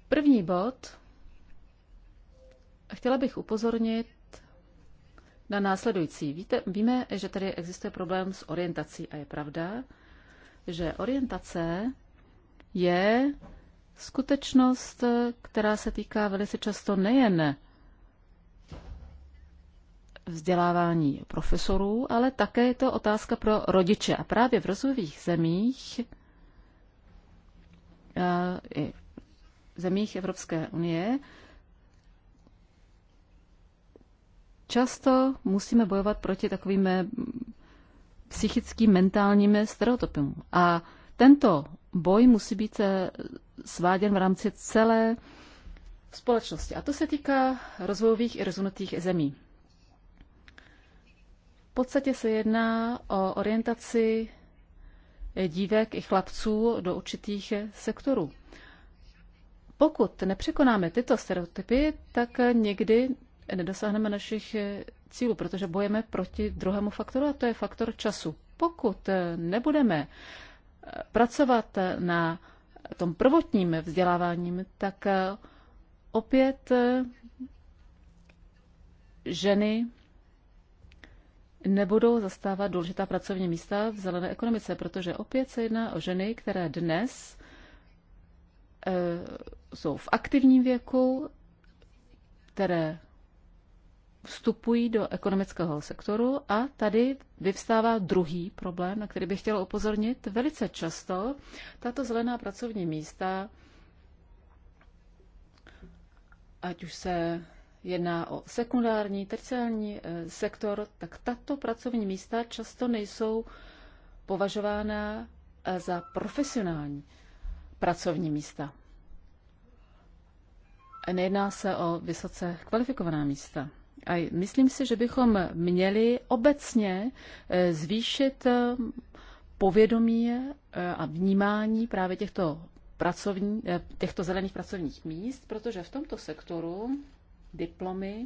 První bod. Chtěla bych upozornit na následující. Víte, víme, že tady existuje problém s orientací a je pravda, že orientace je skutečnost, která se týká velice často nejen vzdělávání profesorů, ale také je to otázka pro rodiče. A právě v rozvojových zemích i zemích Evropské unie často musíme bojovat proti takovým psychickým, mentálním stereotypům. A tento boj musí být eh, sváděn v rámci celé společnosti. A to se týká rozvojových i rozvinutých zemí podstatě se jedná o orientaci dívek i chlapců do určitých sektorů. Pokud nepřekonáme tyto stereotypy, tak někdy nedosáhneme našich cílů, protože bojeme proti druhému faktoru a to je faktor času. Pokud nebudeme pracovat na tom prvotním vzděláváním, tak opět ženy nebudou zastávat důležitá pracovní místa v zelené ekonomice, protože opět se jedná o ženy, které dnes e, jsou v aktivním věku, které vstupují do ekonomického sektoru a tady vyvstává druhý problém, na který bych chtěla upozornit. Velice často tato zelená pracovní místa, ať už se jedná o sekundární, terciální eh, sektor, tak tato pracovní místa často nejsou považována eh, za profesionální pracovní místa. Nejedná se o vysoce kvalifikovaná místa. A myslím si, že bychom měli obecně eh, zvýšit povědomí a vnímání právě těchto, pracovní, těchto zelených pracovních míst, protože v tomto sektoru diplomy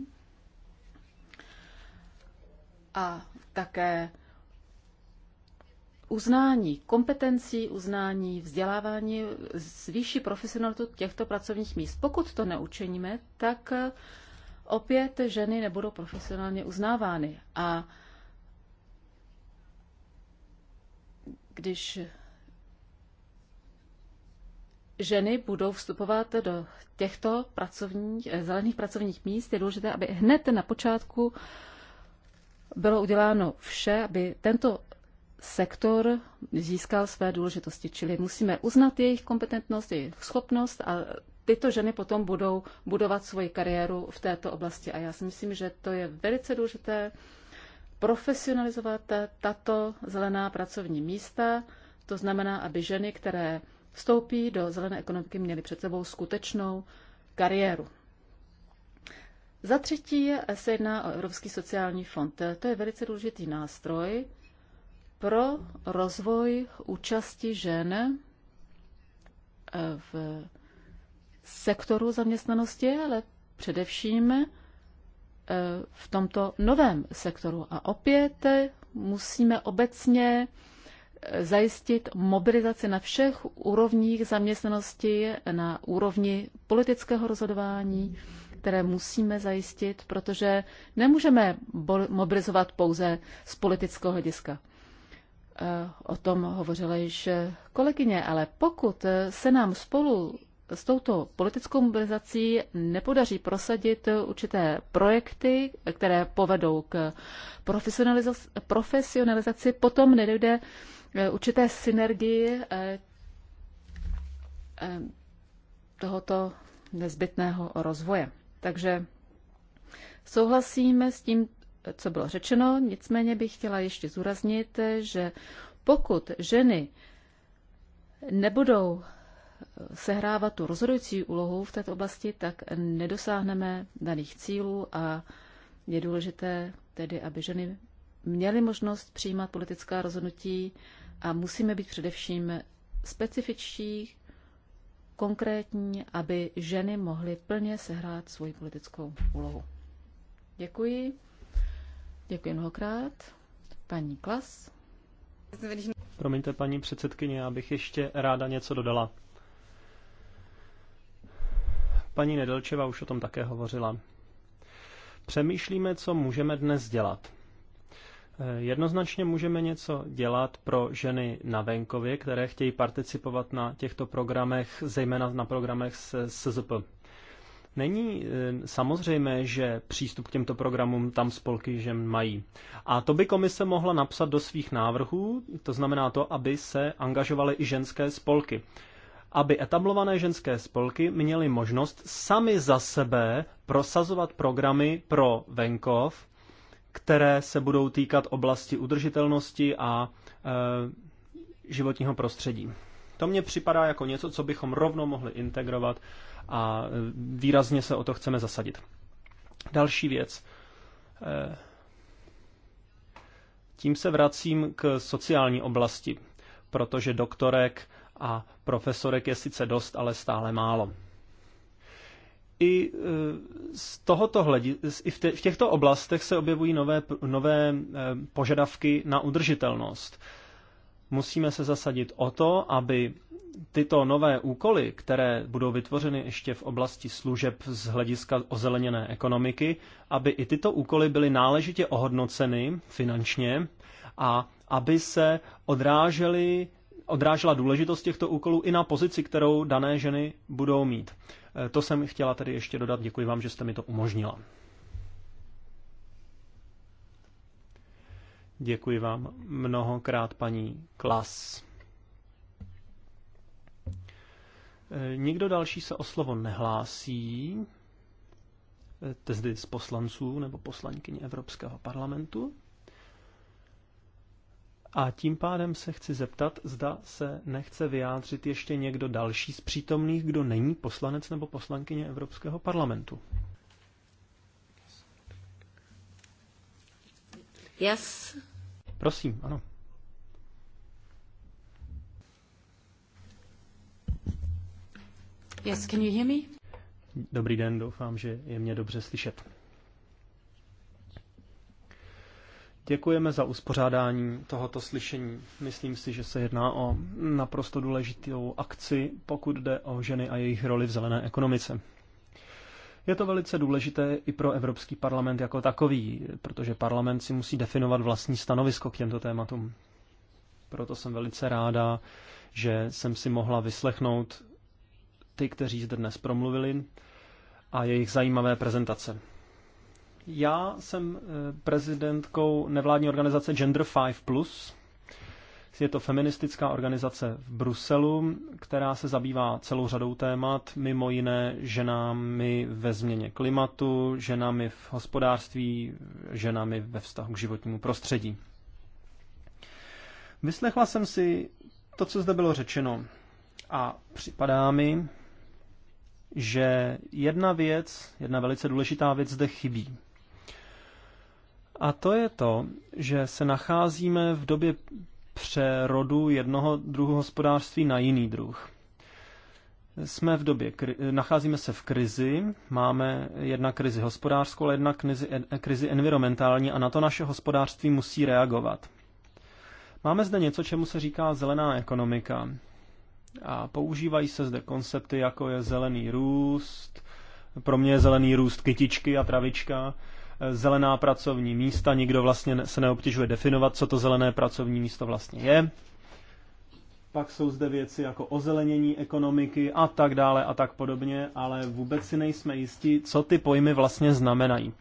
a také uznání kompetencí, uznání vzdělávání zvýší profesionalitu těchto pracovních míst. Pokud to neučiníme, tak opět ženy nebudou profesionálně uznávány. A když ženy budou vstupovat do těchto pracovních, eh, zelených pracovních míst, je důležité, aby hned na počátku bylo uděláno vše, aby tento sektor získal své důležitosti. Čili musíme uznat jejich kompetentnost, jejich schopnost a tyto ženy potom budou budovat svoji kariéru v této oblasti. A já si myslím, že to je velice důležité profesionalizovat tato zelená pracovní místa. To znamená, aby ženy, které vstoupí do zelené ekonomiky, měli před sebou skutečnou kariéru. Za třetí se jedná o Evropský sociální fond. To je velice důležitý nástroj pro rozvoj účasti žen eh, v sektoru zaměstnanosti, ale především eh, v tomto novém sektoru. A opět eh, musíme obecně zajistit mobilizaci na všech úrovních zaměstnanosti, na úrovni politického rozhodování, které musíme zajistit, protože nemůžeme mobilizovat pouze z politického hlediska. Eh, o tom hovořila již kolegyně, ale pokud se nám spolu s touto politickou mobilizací nepodaří prosadit určité projekty, které povedou k profesionalizaci, potom nedojde Eh, určité synergii eh, eh, tohoto nezbytného rozvoje. Takže souhlasíme s tím, co bylo řečeno, nicméně bych chtěla ještě zúraznit, že pokud ženy nebudou sehrávat tu rozhodující úlohu v této oblasti, tak nedosáhneme daných cílů a je důležité tedy, aby ženy měly možnost přijímat politická rozhodnutí a musíme být především specifičtí, konkrétní, aby ženy mohly plně sehrát svoji politickou úlohu. Děkuji. Děkuji mnohokrát. Paní Klas. Promiňte, paní předsedkyně, já bych ještě ráda něco dodala. Paní Nedelčeva už o tom také hovořila. Přemýšlíme, co můžeme dnes dělat. Eh, jednoznačně můžeme něco dělat pro ženy na venkově, které chtějí participovat na těchto programech, zejména na programech SZP. Není eh, samozřejmé, že přístup k těmto programům tam spolky žen mají. A to by komise mohla napsat do svých návrhů, to znamená to, aby se angažovaly i ženské spolky. Aby etablované ženské spolky měly možnost sami za sebe prosazovat programy pro venkov, které se budou týkat oblasti udržitelnosti a e, životního prostředí. To mně připadá jako něco, co bychom rovnou mohli integrovat a e, výrazně se o to chceme zasadit. Další věc. E, tím se vracím k sociální oblasti, protože doktorek a profesorek je sice dost, ale stále málo i e, z tohoto hledi, i v těchto oblastech se objevují nové, nové e, požadavky na udržitelnost. Musíme se zasadit o to, aby tyto nové úkoly, které budou vytvořeny ještě v oblasti služeb z hlediska ozeleněné ekonomiky, aby i tyto úkoly byly náležitě ohodnoceny finančně a aby se odrážely odrážela důležitost těchto úkolů i na pozici, kterou dané ženy budou mít. Eh, to jsem chtěla tedy ještě dodat. Děkuji vám, že jste mi to umožnila. Děkuji vám mnohokrát, paní Klas. Eh, nikdo další se o slovo nehlásí, eh, tedy z poslanců nebo poslankyně Evropského parlamentu. A tím pádem se chci zeptat, zda se nechce vyjádřit ještě někdo další z přítomných, kdo není poslanec nebo poslankyně Evropského parlamentu. Yes. Prosím, ano. Yes, can you hear me? Dobrý den, doufám, že je mě dobře slyšet. Děkujeme za uspořádání tohoto slyšení. Myslím si, že se jedná o naprosto důležitou akci, pokud jde o ženy a jejich roli v zelené ekonomice. Je to velice důležité i pro Evropský parlament jako takový, protože parlament si musí definovat vlastní stanovisko k těmto tématům. Proto jsem velice ráda, že jsem si mohla vyslechnout ty, kteří zde dnes promluvili a jejich zajímavé prezentace. Já jsem eh, prezidentkou nevládní organizace Gender 5+. Je to feministická organizace v Bruselu, která se zabývá celou řadou témat, mimo jiné ženami ve změně klimatu, ženami v hospodářství, ženami ve vztahu k životnímu prostředí. Vyslechla jsem si to, co zde bylo řečeno a připadá mi, že jedna věc, jedna velice důležitá věc zde chybí. A to je to, že se nacházíme v době přerodu jednoho druhu hospodářství na jiný druh. Jsme v době, nacházíme se v krizi, máme jedna krizi hospodářskou, ale jedna krizi, krizi environmentální a na to naše hospodářství musí reagovat. Máme zde něco, čemu se říká zelená ekonomika. A používají se zde koncepty, jako je zelený růst, pro mě je zelený růst kytičky a travička, zelená pracovní místa, nikdo vlastně se neobtěžuje definovat, co to zelené pracovní místo vlastně je. Pak jsou zde věci jako ozelenění ekonomiky a tak dále a tak podobně, ale vůbec si nejsme jistí, co ty pojmy vlastně znamenají.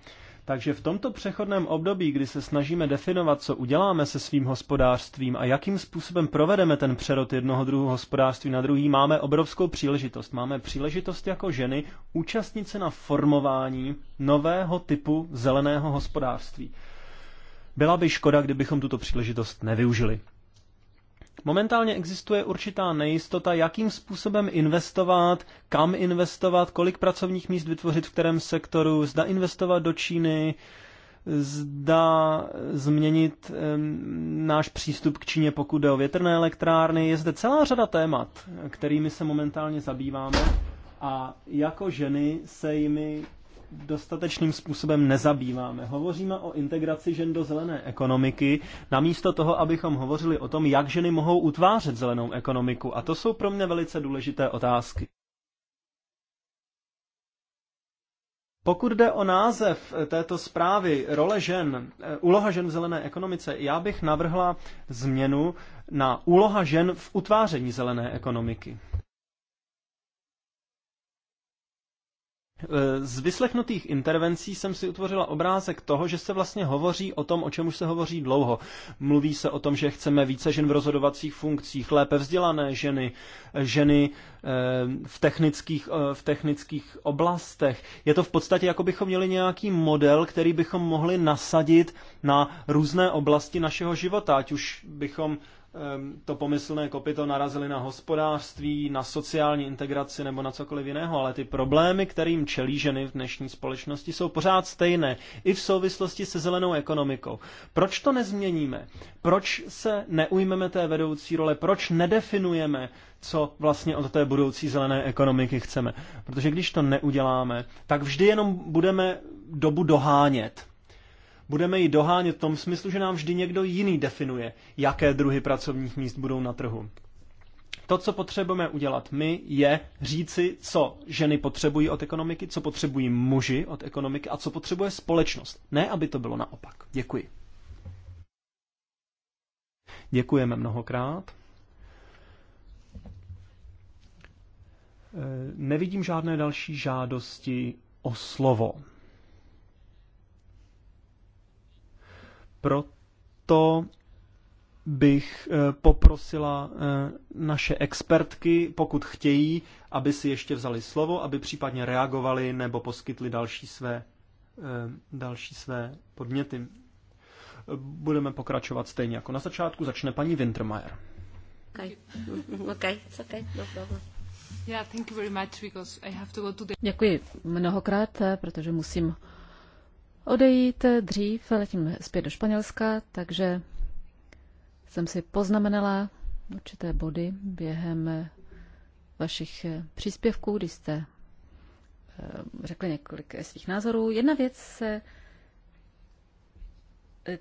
Takže v tomto přechodném období, kdy se snažíme definovat, co uděláme se svým hospodářstvím a jakým způsobem provedeme ten přerod jednoho druhu hospodářství na druhý, máme obrovskou příležitost. Máme příležitost jako ženy účastnit se na formování nového typu zeleného hospodářství. Byla by škoda, kdybychom tuto příležitost nevyužili. Momentálně existuje určitá nejistota, jakým způsobem investovat, kam investovat, kolik pracovních míst vytvořit v kterém sektoru, zda investovat do Číny, zda změnit e, náš přístup k Číně, pokud jde o větrné elektrárny. Je zde celá řada témat, kterými se momentálně zabýváme a jako ženy se jimi dostatečným způsobem nezabýváme. Hovoříme o integraci žen do zelené ekonomiky, namísto toho, abychom hovořili o tom, jak ženy mohou utvářet zelenou ekonomiku. A to jsou pro mě velice důležité otázky. Pokud jde o název této zprávy, role žen, eh, úloha žen v zelené ekonomice, já bych navrhla změnu na úloha žen v utváření zelené ekonomiky. Eh, z vyslechnutých intervencí jsem si utvořila obrázek toho, že se vlastně hovoří o tom, o čem už se hovoří dlouho. Mluví se o tom, že chceme více žen v rozhodovacích funkcích, lépe vzdělané ženy, eh, ženy eh, v technických, v technických oblastech. Je to v podstatě, jako bychom měli nějaký model, který bychom mohli nasadit na různé oblasti našeho života, ať už bychom Ehm, to pomyslné kopyto narazili na hospodářství, na sociální integraci nebo na cokoliv jiného, ale ty problémy, kterým čelí ženy v dnešní společnosti, jsou pořád stejné, i v souvislosti se zelenou ekonomikou. Proč to nezměníme? Proč se neujmeme té vedoucí role? Proč nedefinujeme, co vlastně od té budoucí zelené ekonomiky chceme? Protože když to neuděláme, tak vždy jenom budeme dobu dohánět. Budeme ji dohánět v tom smyslu, že nám vždy někdo jiný definuje, jaké druhy pracovních míst budou na trhu. To, co potřebujeme udělat my, je říci, co ženy potřebují od ekonomiky, co potřebují muži od ekonomiky a co potřebuje společnost. Ne, aby to bylo naopak. Děkuji. Děkujeme mnohokrát. E, nevidím žádné další žádosti o slovo. Proto bych eh, poprosila eh, naše expertky, pokud chtějí, aby si ještě vzali slovo, aby případně reagovali nebo poskytli další své, eh, další své podměty. Budeme pokračovat stejně jako na začátku. Začne paní Wintermeyer. No to Děkuji mnohokrát, protože musím odejít dřív, letím zpět do Španělska, takže jsem si poznamenala určité body během vašich příspěvků, kdy jste eh, řekli několik svých názorů. Jedna věc se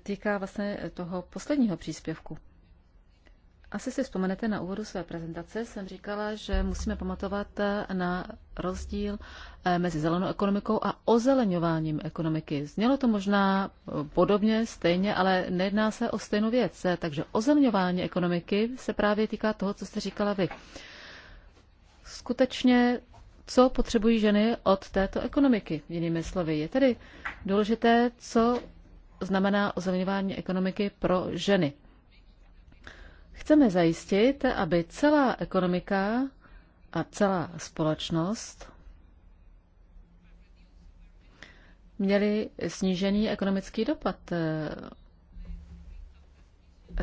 týká vlastně toho posledního příspěvku. Asi si vzpomenete na úvodu své prezentace, jsem říkala, že musíme pamatovat na rozdíl eh, mezi zelenou ekonomikou a ozeleňováním ekonomiky. Znělo to možná eh, podobně, stejně, ale nejedná se o stejnou věc. Eh, takže ozeleňování ekonomiky se právě týká toho, co jste říkala vy. Skutečně, co potřebují ženy od této ekonomiky? Jinými slovy, je tedy důležité, co znamená ozeleňování ekonomiky pro ženy. Chceme zajistit, aby celá ekonomika a celá společnost měly snížený ekonomický dopad, eh,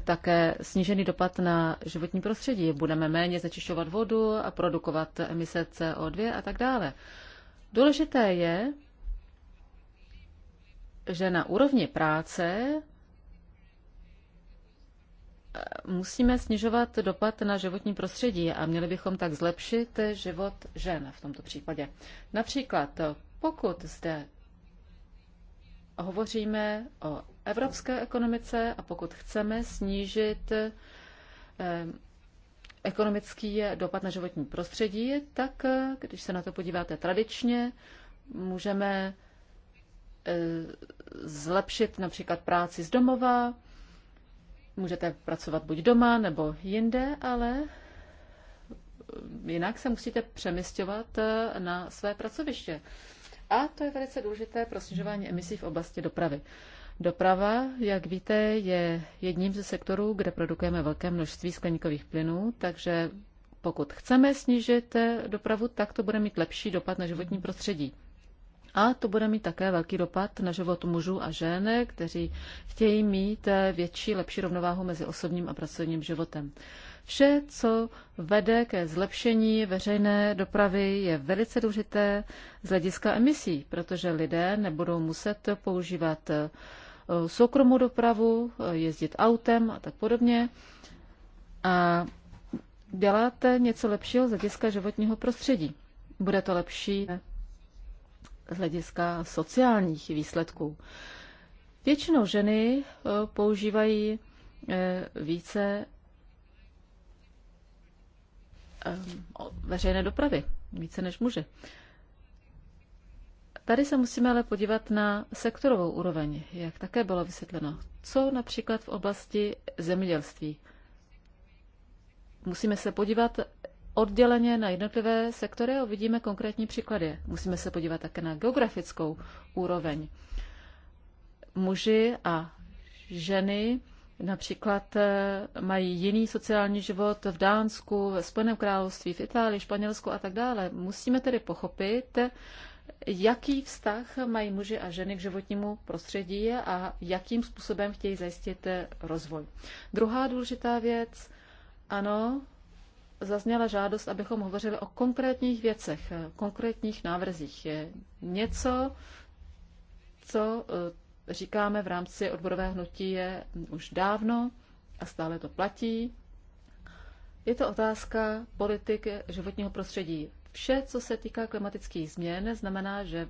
také snížený dopad na životní prostředí. Budeme méně znečišťovat vodu a produkovat emise CO2 a tak dále. Důležité je, že na úrovni práce musíme snižovat dopad na životní prostředí a měli bychom tak zlepšit život žen v tomto případě. Například, pokud zde hovoříme o evropské ekonomice a pokud chceme snížit eh, ekonomický dopad na životní prostředí, tak eh, když se na to podíváte tradičně, můžeme eh, zlepšit například práci z domova, Můžete pracovat buď doma nebo jinde, ale jinak se musíte přemysťovat eh, na své pracoviště. A to je velice důležité pro snižování emisí v oblasti dopravy. Doprava, jak víte, je jedním ze sektorů, kde produkujeme velké množství skleníkových plynů, takže pokud chceme snížit eh, dopravu, tak to bude mít lepší dopad na životní prostředí. A to bude mít také velký dopad na život mužů a žen, kteří chtějí mít eh, větší, lepší rovnováhu mezi osobním a pracovním životem. Vše, co vede ke zlepšení veřejné dopravy, je velice důležité z hlediska emisí, protože lidé nebudou muset používat eh, soukromou dopravu, eh, jezdit autem a tak podobně. A děláte něco lepšího z hlediska životního prostředí. Bude to lepší z hlediska sociálních výsledků. Většinou ženy eh, používají eh, více eh, veřejné dopravy, více než muže. Tady se musíme ale podívat na sektorovou úroveň, jak také bylo vysvětleno. Co například v oblasti zemědělství? Musíme se podívat odděleně na jednotlivé sektory a uvidíme konkrétní příklady. Musíme se podívat také na geografickou úroveň. Muži a ženy například eh, mají jiný sociální život v Dánsku, ve Spojeném království, v Itálii, Španělsku a tak dále. Musíme tedy pochopit, jaký vztah mají muži a ženy k životnímu prostředí a jakým způsobem chtějí zajistit eh, rozvoj. Druhá důležitá věc, ano, zazněla žádost, abychom hovořili o konkrétních věcech, eh, konkrétních návrzích. Je něco, co eh, říkáme v rámci odborové hnutí je hm, už dávno a stále to platí. Je to otázka politik životního prostředí. Vše, co se týká klimatických změn, znamená, že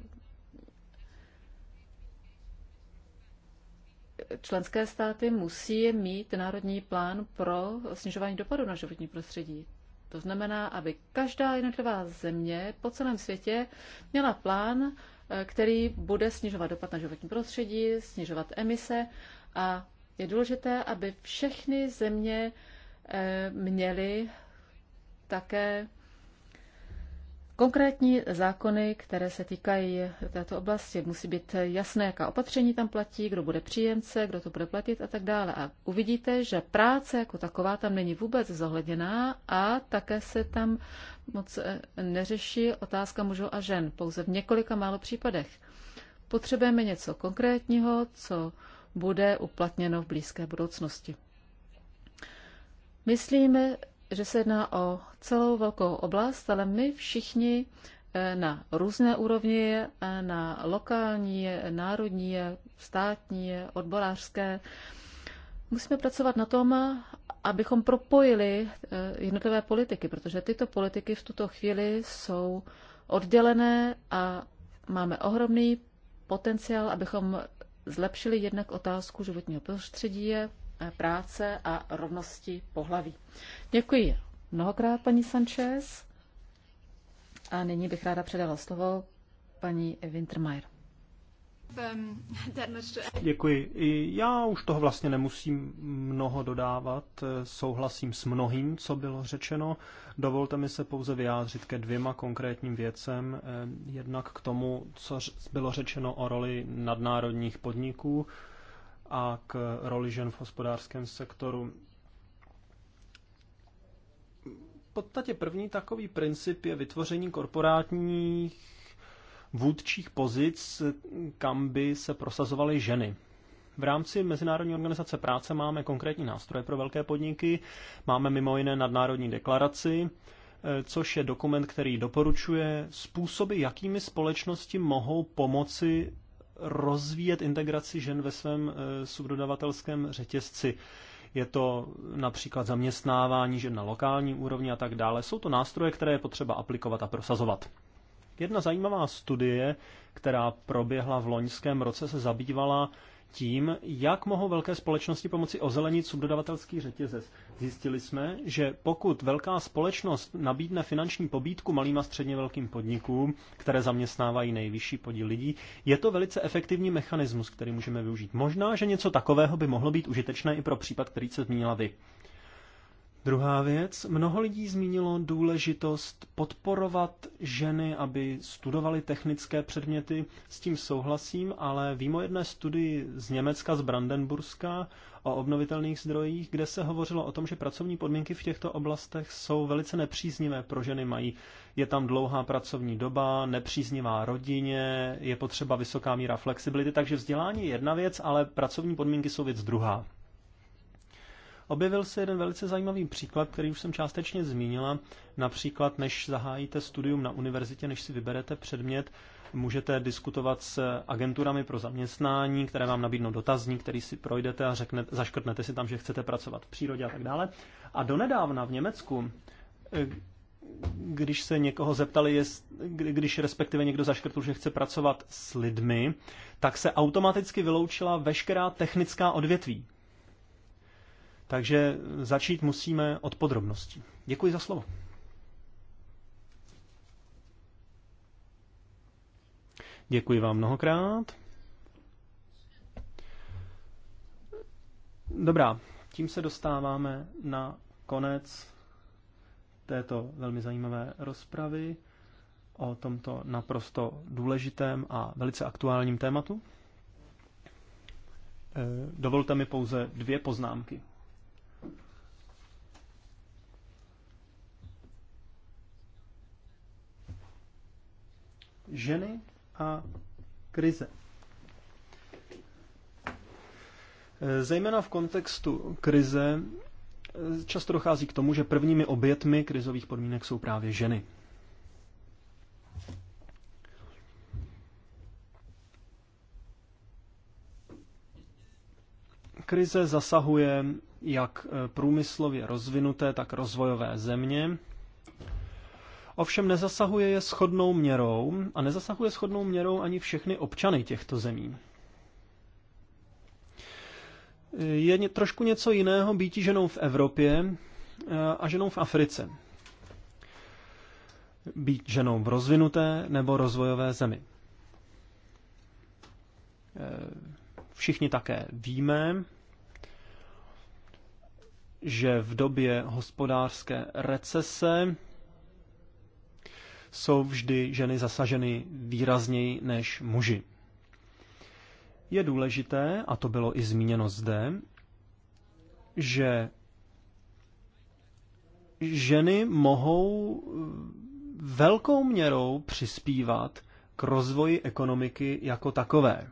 členské státy musí mít národní plán pro snižování dopadu na životní prostředí. To znamená, aby každá jednotlivá země po celém světě měla plán, eh, který bude snižovat dopad na životní prostředí, snižovat emise a je důležité, aby všechny země eh, měly také Konkrétní zákony, které se týkají této oblasti, musí být jasné, jaká opatření tam platí, kdo bude příjemce, kdo to bude platit a tak dále. A uvidíte, že práce jako taková tam není vůbec zohledněná a také se tam moc eh, neřeší otázka mužů a žen, pouze v několika málo případech. Potřebujeme něco konkrétního, co bude uplatněno v blízké budoucnosti. Myslíme že se jedná o celou velkou oblast, ale my všichni eh, na různé úrovni, eh, na lokální, národní, státní, odborářské, musíme pracovat na tom, abychom propojili eh, jednotlivé politiky, protože tyto politiky v tuto chvíli jsou oddělené a máme ohromný potenciál, abychom zlepšili jednak otázku životního prostředí, práce a rovnosti pohlaví. Děkuji mnohokrát, paní Sanchez. A nyní bych ráda předala slovo paní Wintermeyer. Děkuji. Já už toho vlastně nemusím mnoho dodávat. Souhlasím s mnohým, co bylo řečeno. Dovolte mi se pouze vyjádřit ke dvěma konkrétním věcem. Ehm, jednak k tomu, co bylo řečeno o roli nadnárodních podniků a k roli žen v hospodářském sektoru. V podstatě první takový princip je vytvoření korporátních vůdčích pozic, kam by se prosazovaly ženy. V rámci Mezinárodní organizace práce máme konkrétní nástroje pro velké podniky, máme mimo jiné nadnárodní deklaraci, což je dokument, který doporučuje způsoby, jakými společnosti mohou pomoci rozvíjet integraci žen ve svém eh, subdodavatelském řetězci. Je to například zaměstnávání žen na lokální úrovni a tak dále. Jsou to nástroje, které je potřeba aplikovat a prosazovat. Jedna zajímavá studie, která proběhla v loňském roce, se zabývala tím, jak mohou velké společnosti pomoci ozelenit subdodavatelský řetězec. Zjistili jsme, že pokud velká společnost nabídne finanční pobídku malým a středně velkým podnikům, které zaměstnávají nejvyšší podíl lidí, je to velice efektivní mechanismus, který můžeme využít. Možná, že něco takového by mohlo být užitečné i pro případ, který se zmínila vy. Druhá věc, mnoho lidí zmínilo důležitost podporovat ženy, aby studovaly technické předměty. S tím souhlasím, ale vím o jedné studii z Německa, z Brandenburska o obnovitelných zdrojích, kde se hovořilo o tom, že pracovní podmínky v těchto oblastech jsou velice nepříznivé pro ženy. Mají, je tam dlouhá pracovní doba, nepříznivá rodině, je potřeba vysoká míra flexibility, takže vzdělání je jedna věc, ale pracovní podmínky jsou věc druhá. Objevil se jeden velice zajímavý příklad, který už jsem částečně zmínila. Například, než zahájíte studium na univerzitě, než si vyberete předmět, můžete diskutovat s agenturami pro zaměstnání, které vám nabídnou dotazník, který si projdete a řeknete, zaškrtnete si tam, že chcete pracovat v přírodě a tak dále. A donedávna v Německu eh, když se někoho zeptali, jest, když respektive někdo zaškrtl, že chce pracovat s lidmi, tak se automaticky vyloučila veškerá technická odvětví. Takže začít musíme od podrobností. Děkuji za slovo. Děkuji vám mnohokrát. Dobrá, tím se dostáváme na konec této velmi zajímavé rozpravy o tomto naprosto důležitém a velice aktuálním tématu. Eh, dovolte mi pouze dvě poznámky. ženy a krize. Zejména v kontextu krize často dochází k tomu, že prvními obětmi krizových podmínek jsou právě ženy. Krize zasahuje jak průmyslově rozvinuté, tak rozvojové země ovšem nezasahuje je schodnou měrou a nezasahuje schodnou měrou ani všechny občany těchto zemí. Je trošku něco jiného být ženou v Evropě eh, a ženou v Africe. Být ženou v rozvinuté nebo rozvojové zemi. Eh, všichni také víme, že v době hospodářské recese jsou vždy ženy zasaženy výrazněji než muži. Je důležité, a to bylo i zmíněno zde, že ženy mohou velkou měrou přispívat k rozvoji ekonomiky jako takové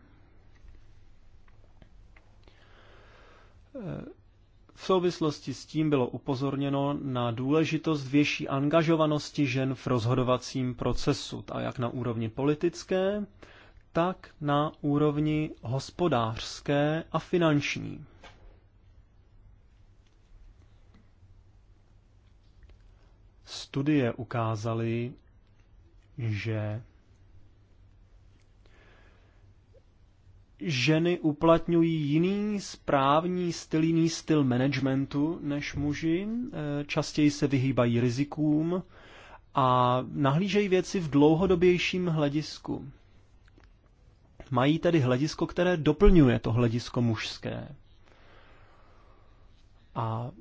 v souvislosti s tím bylo upozorněno na důležitost větší angažovanosti žen v rozhodovacím procesu, a jak na úrovni politické, tak na úrovni hospodářské a finanční. Studie ukázaly, že ženy uplatňují jiný správní styl, jiný styl managementu než muži, eh, častěji se vyhýbají rizikům a nahlížejí věci v dlouhodobějším hledisku. Mají tedy hledisko, které doplňuje to hledisko mužské. A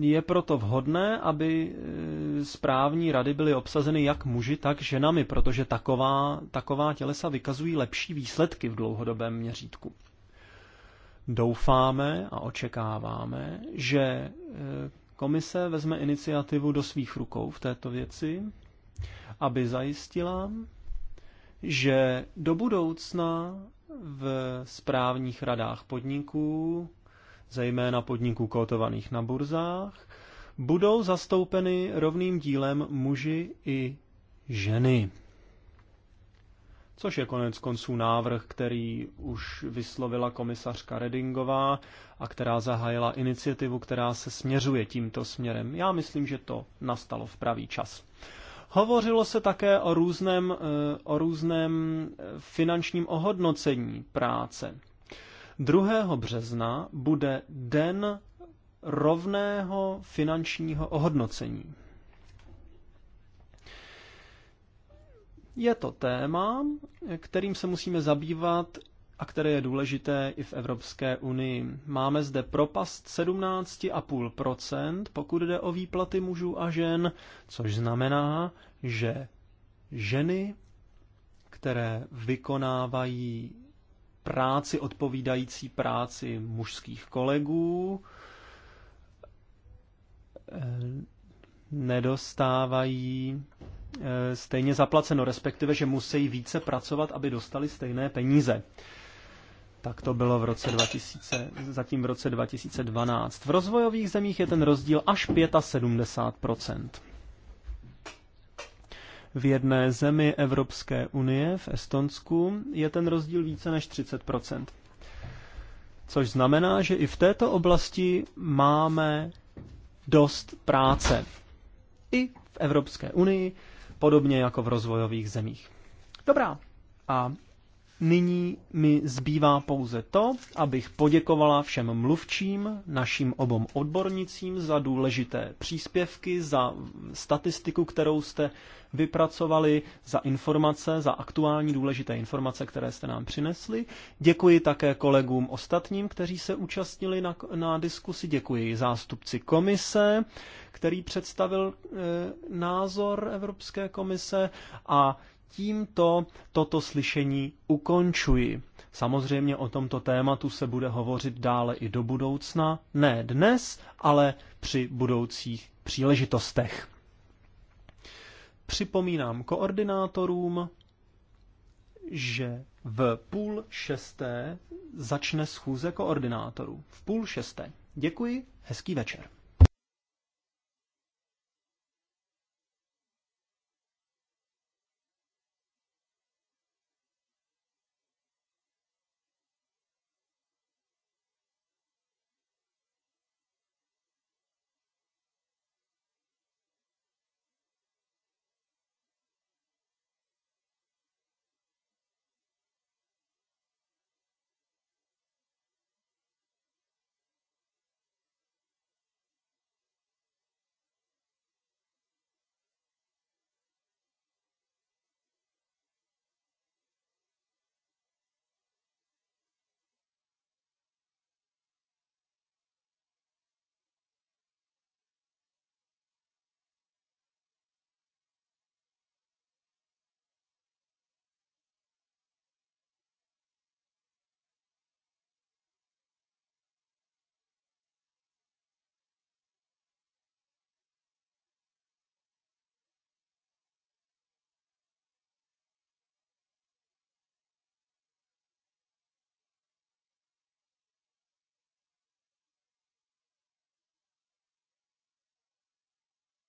je proto vhodné, aby e, správní rady byly obsazeny jak muži, tak ženami, protože taková, taková tělesa vykazují lepší výsledky v dlouhodobém měřítku. Doufáme a očekáváme, že e, komise vezme iniciativu do svých rukou v této věci, aby zajistila, že do budoucna v správních radách podniků zejména podniků kotovaných na burzách, budou zastoupeny rovným dílem muži i ženy. Což je konec konců návrh, který už vyslovila komisařka Redingová a která zahájila iniciativu, která se směřuje tímto směrem. Já myslím, že to nastalo v pravý čas. Hovořilo se také o různém, eh, o různém eh, finančním ohodnocení práce. 2. března bude den rovného finančního ohodnocení. Je to téma, kterým se musíme zabývat a které je důležité i v Evropské unii. Máme zde propast 17,5%, pokud jde o výplaty mužů a žen, což znamená, že ženy, které vykonávají práci odpovídající práci mužských kolegů, eh, nedostávají eh, stejně zaplaceno, respektive, že musí více pracovat, aby dostali stejné peníze. Tak to bylo v roce 2000, zatím v roce 2012. V rozvojových zemích je ten rozdíl až 75 v jedné zemi Evropské unie, v Estonsku, je ten rozdíl více než 30 Což znamená, že i v této oblasti máme dost práce. I v Evropské unii, podobně jako v rozvojových zemích. Dobrá. A Nyní mi zbývá pouze to, abych poděkovala všem mluvčím, našim obom odbornicím za důležité příspěvky, za statistiku, kterou jste vypracovali, za informace, za aktuální důležité informace, které jste nám přinesli. Děkuji také kolegům ostatním, kteří se účastnili na, na diskusi. Děkuji zástupci komise, který představil e, názor Evropské komise a tímto toto slyšení ukončuji. Samozřejmě o tomto tématu se bude hovořit dále i do budoucna, ne dnes, ale při budoucích příležitostech. Připomínám koordinátorům, že v půl šesté začne schůze koordinátorů. V půl šesté. Děkuji, hezký večer.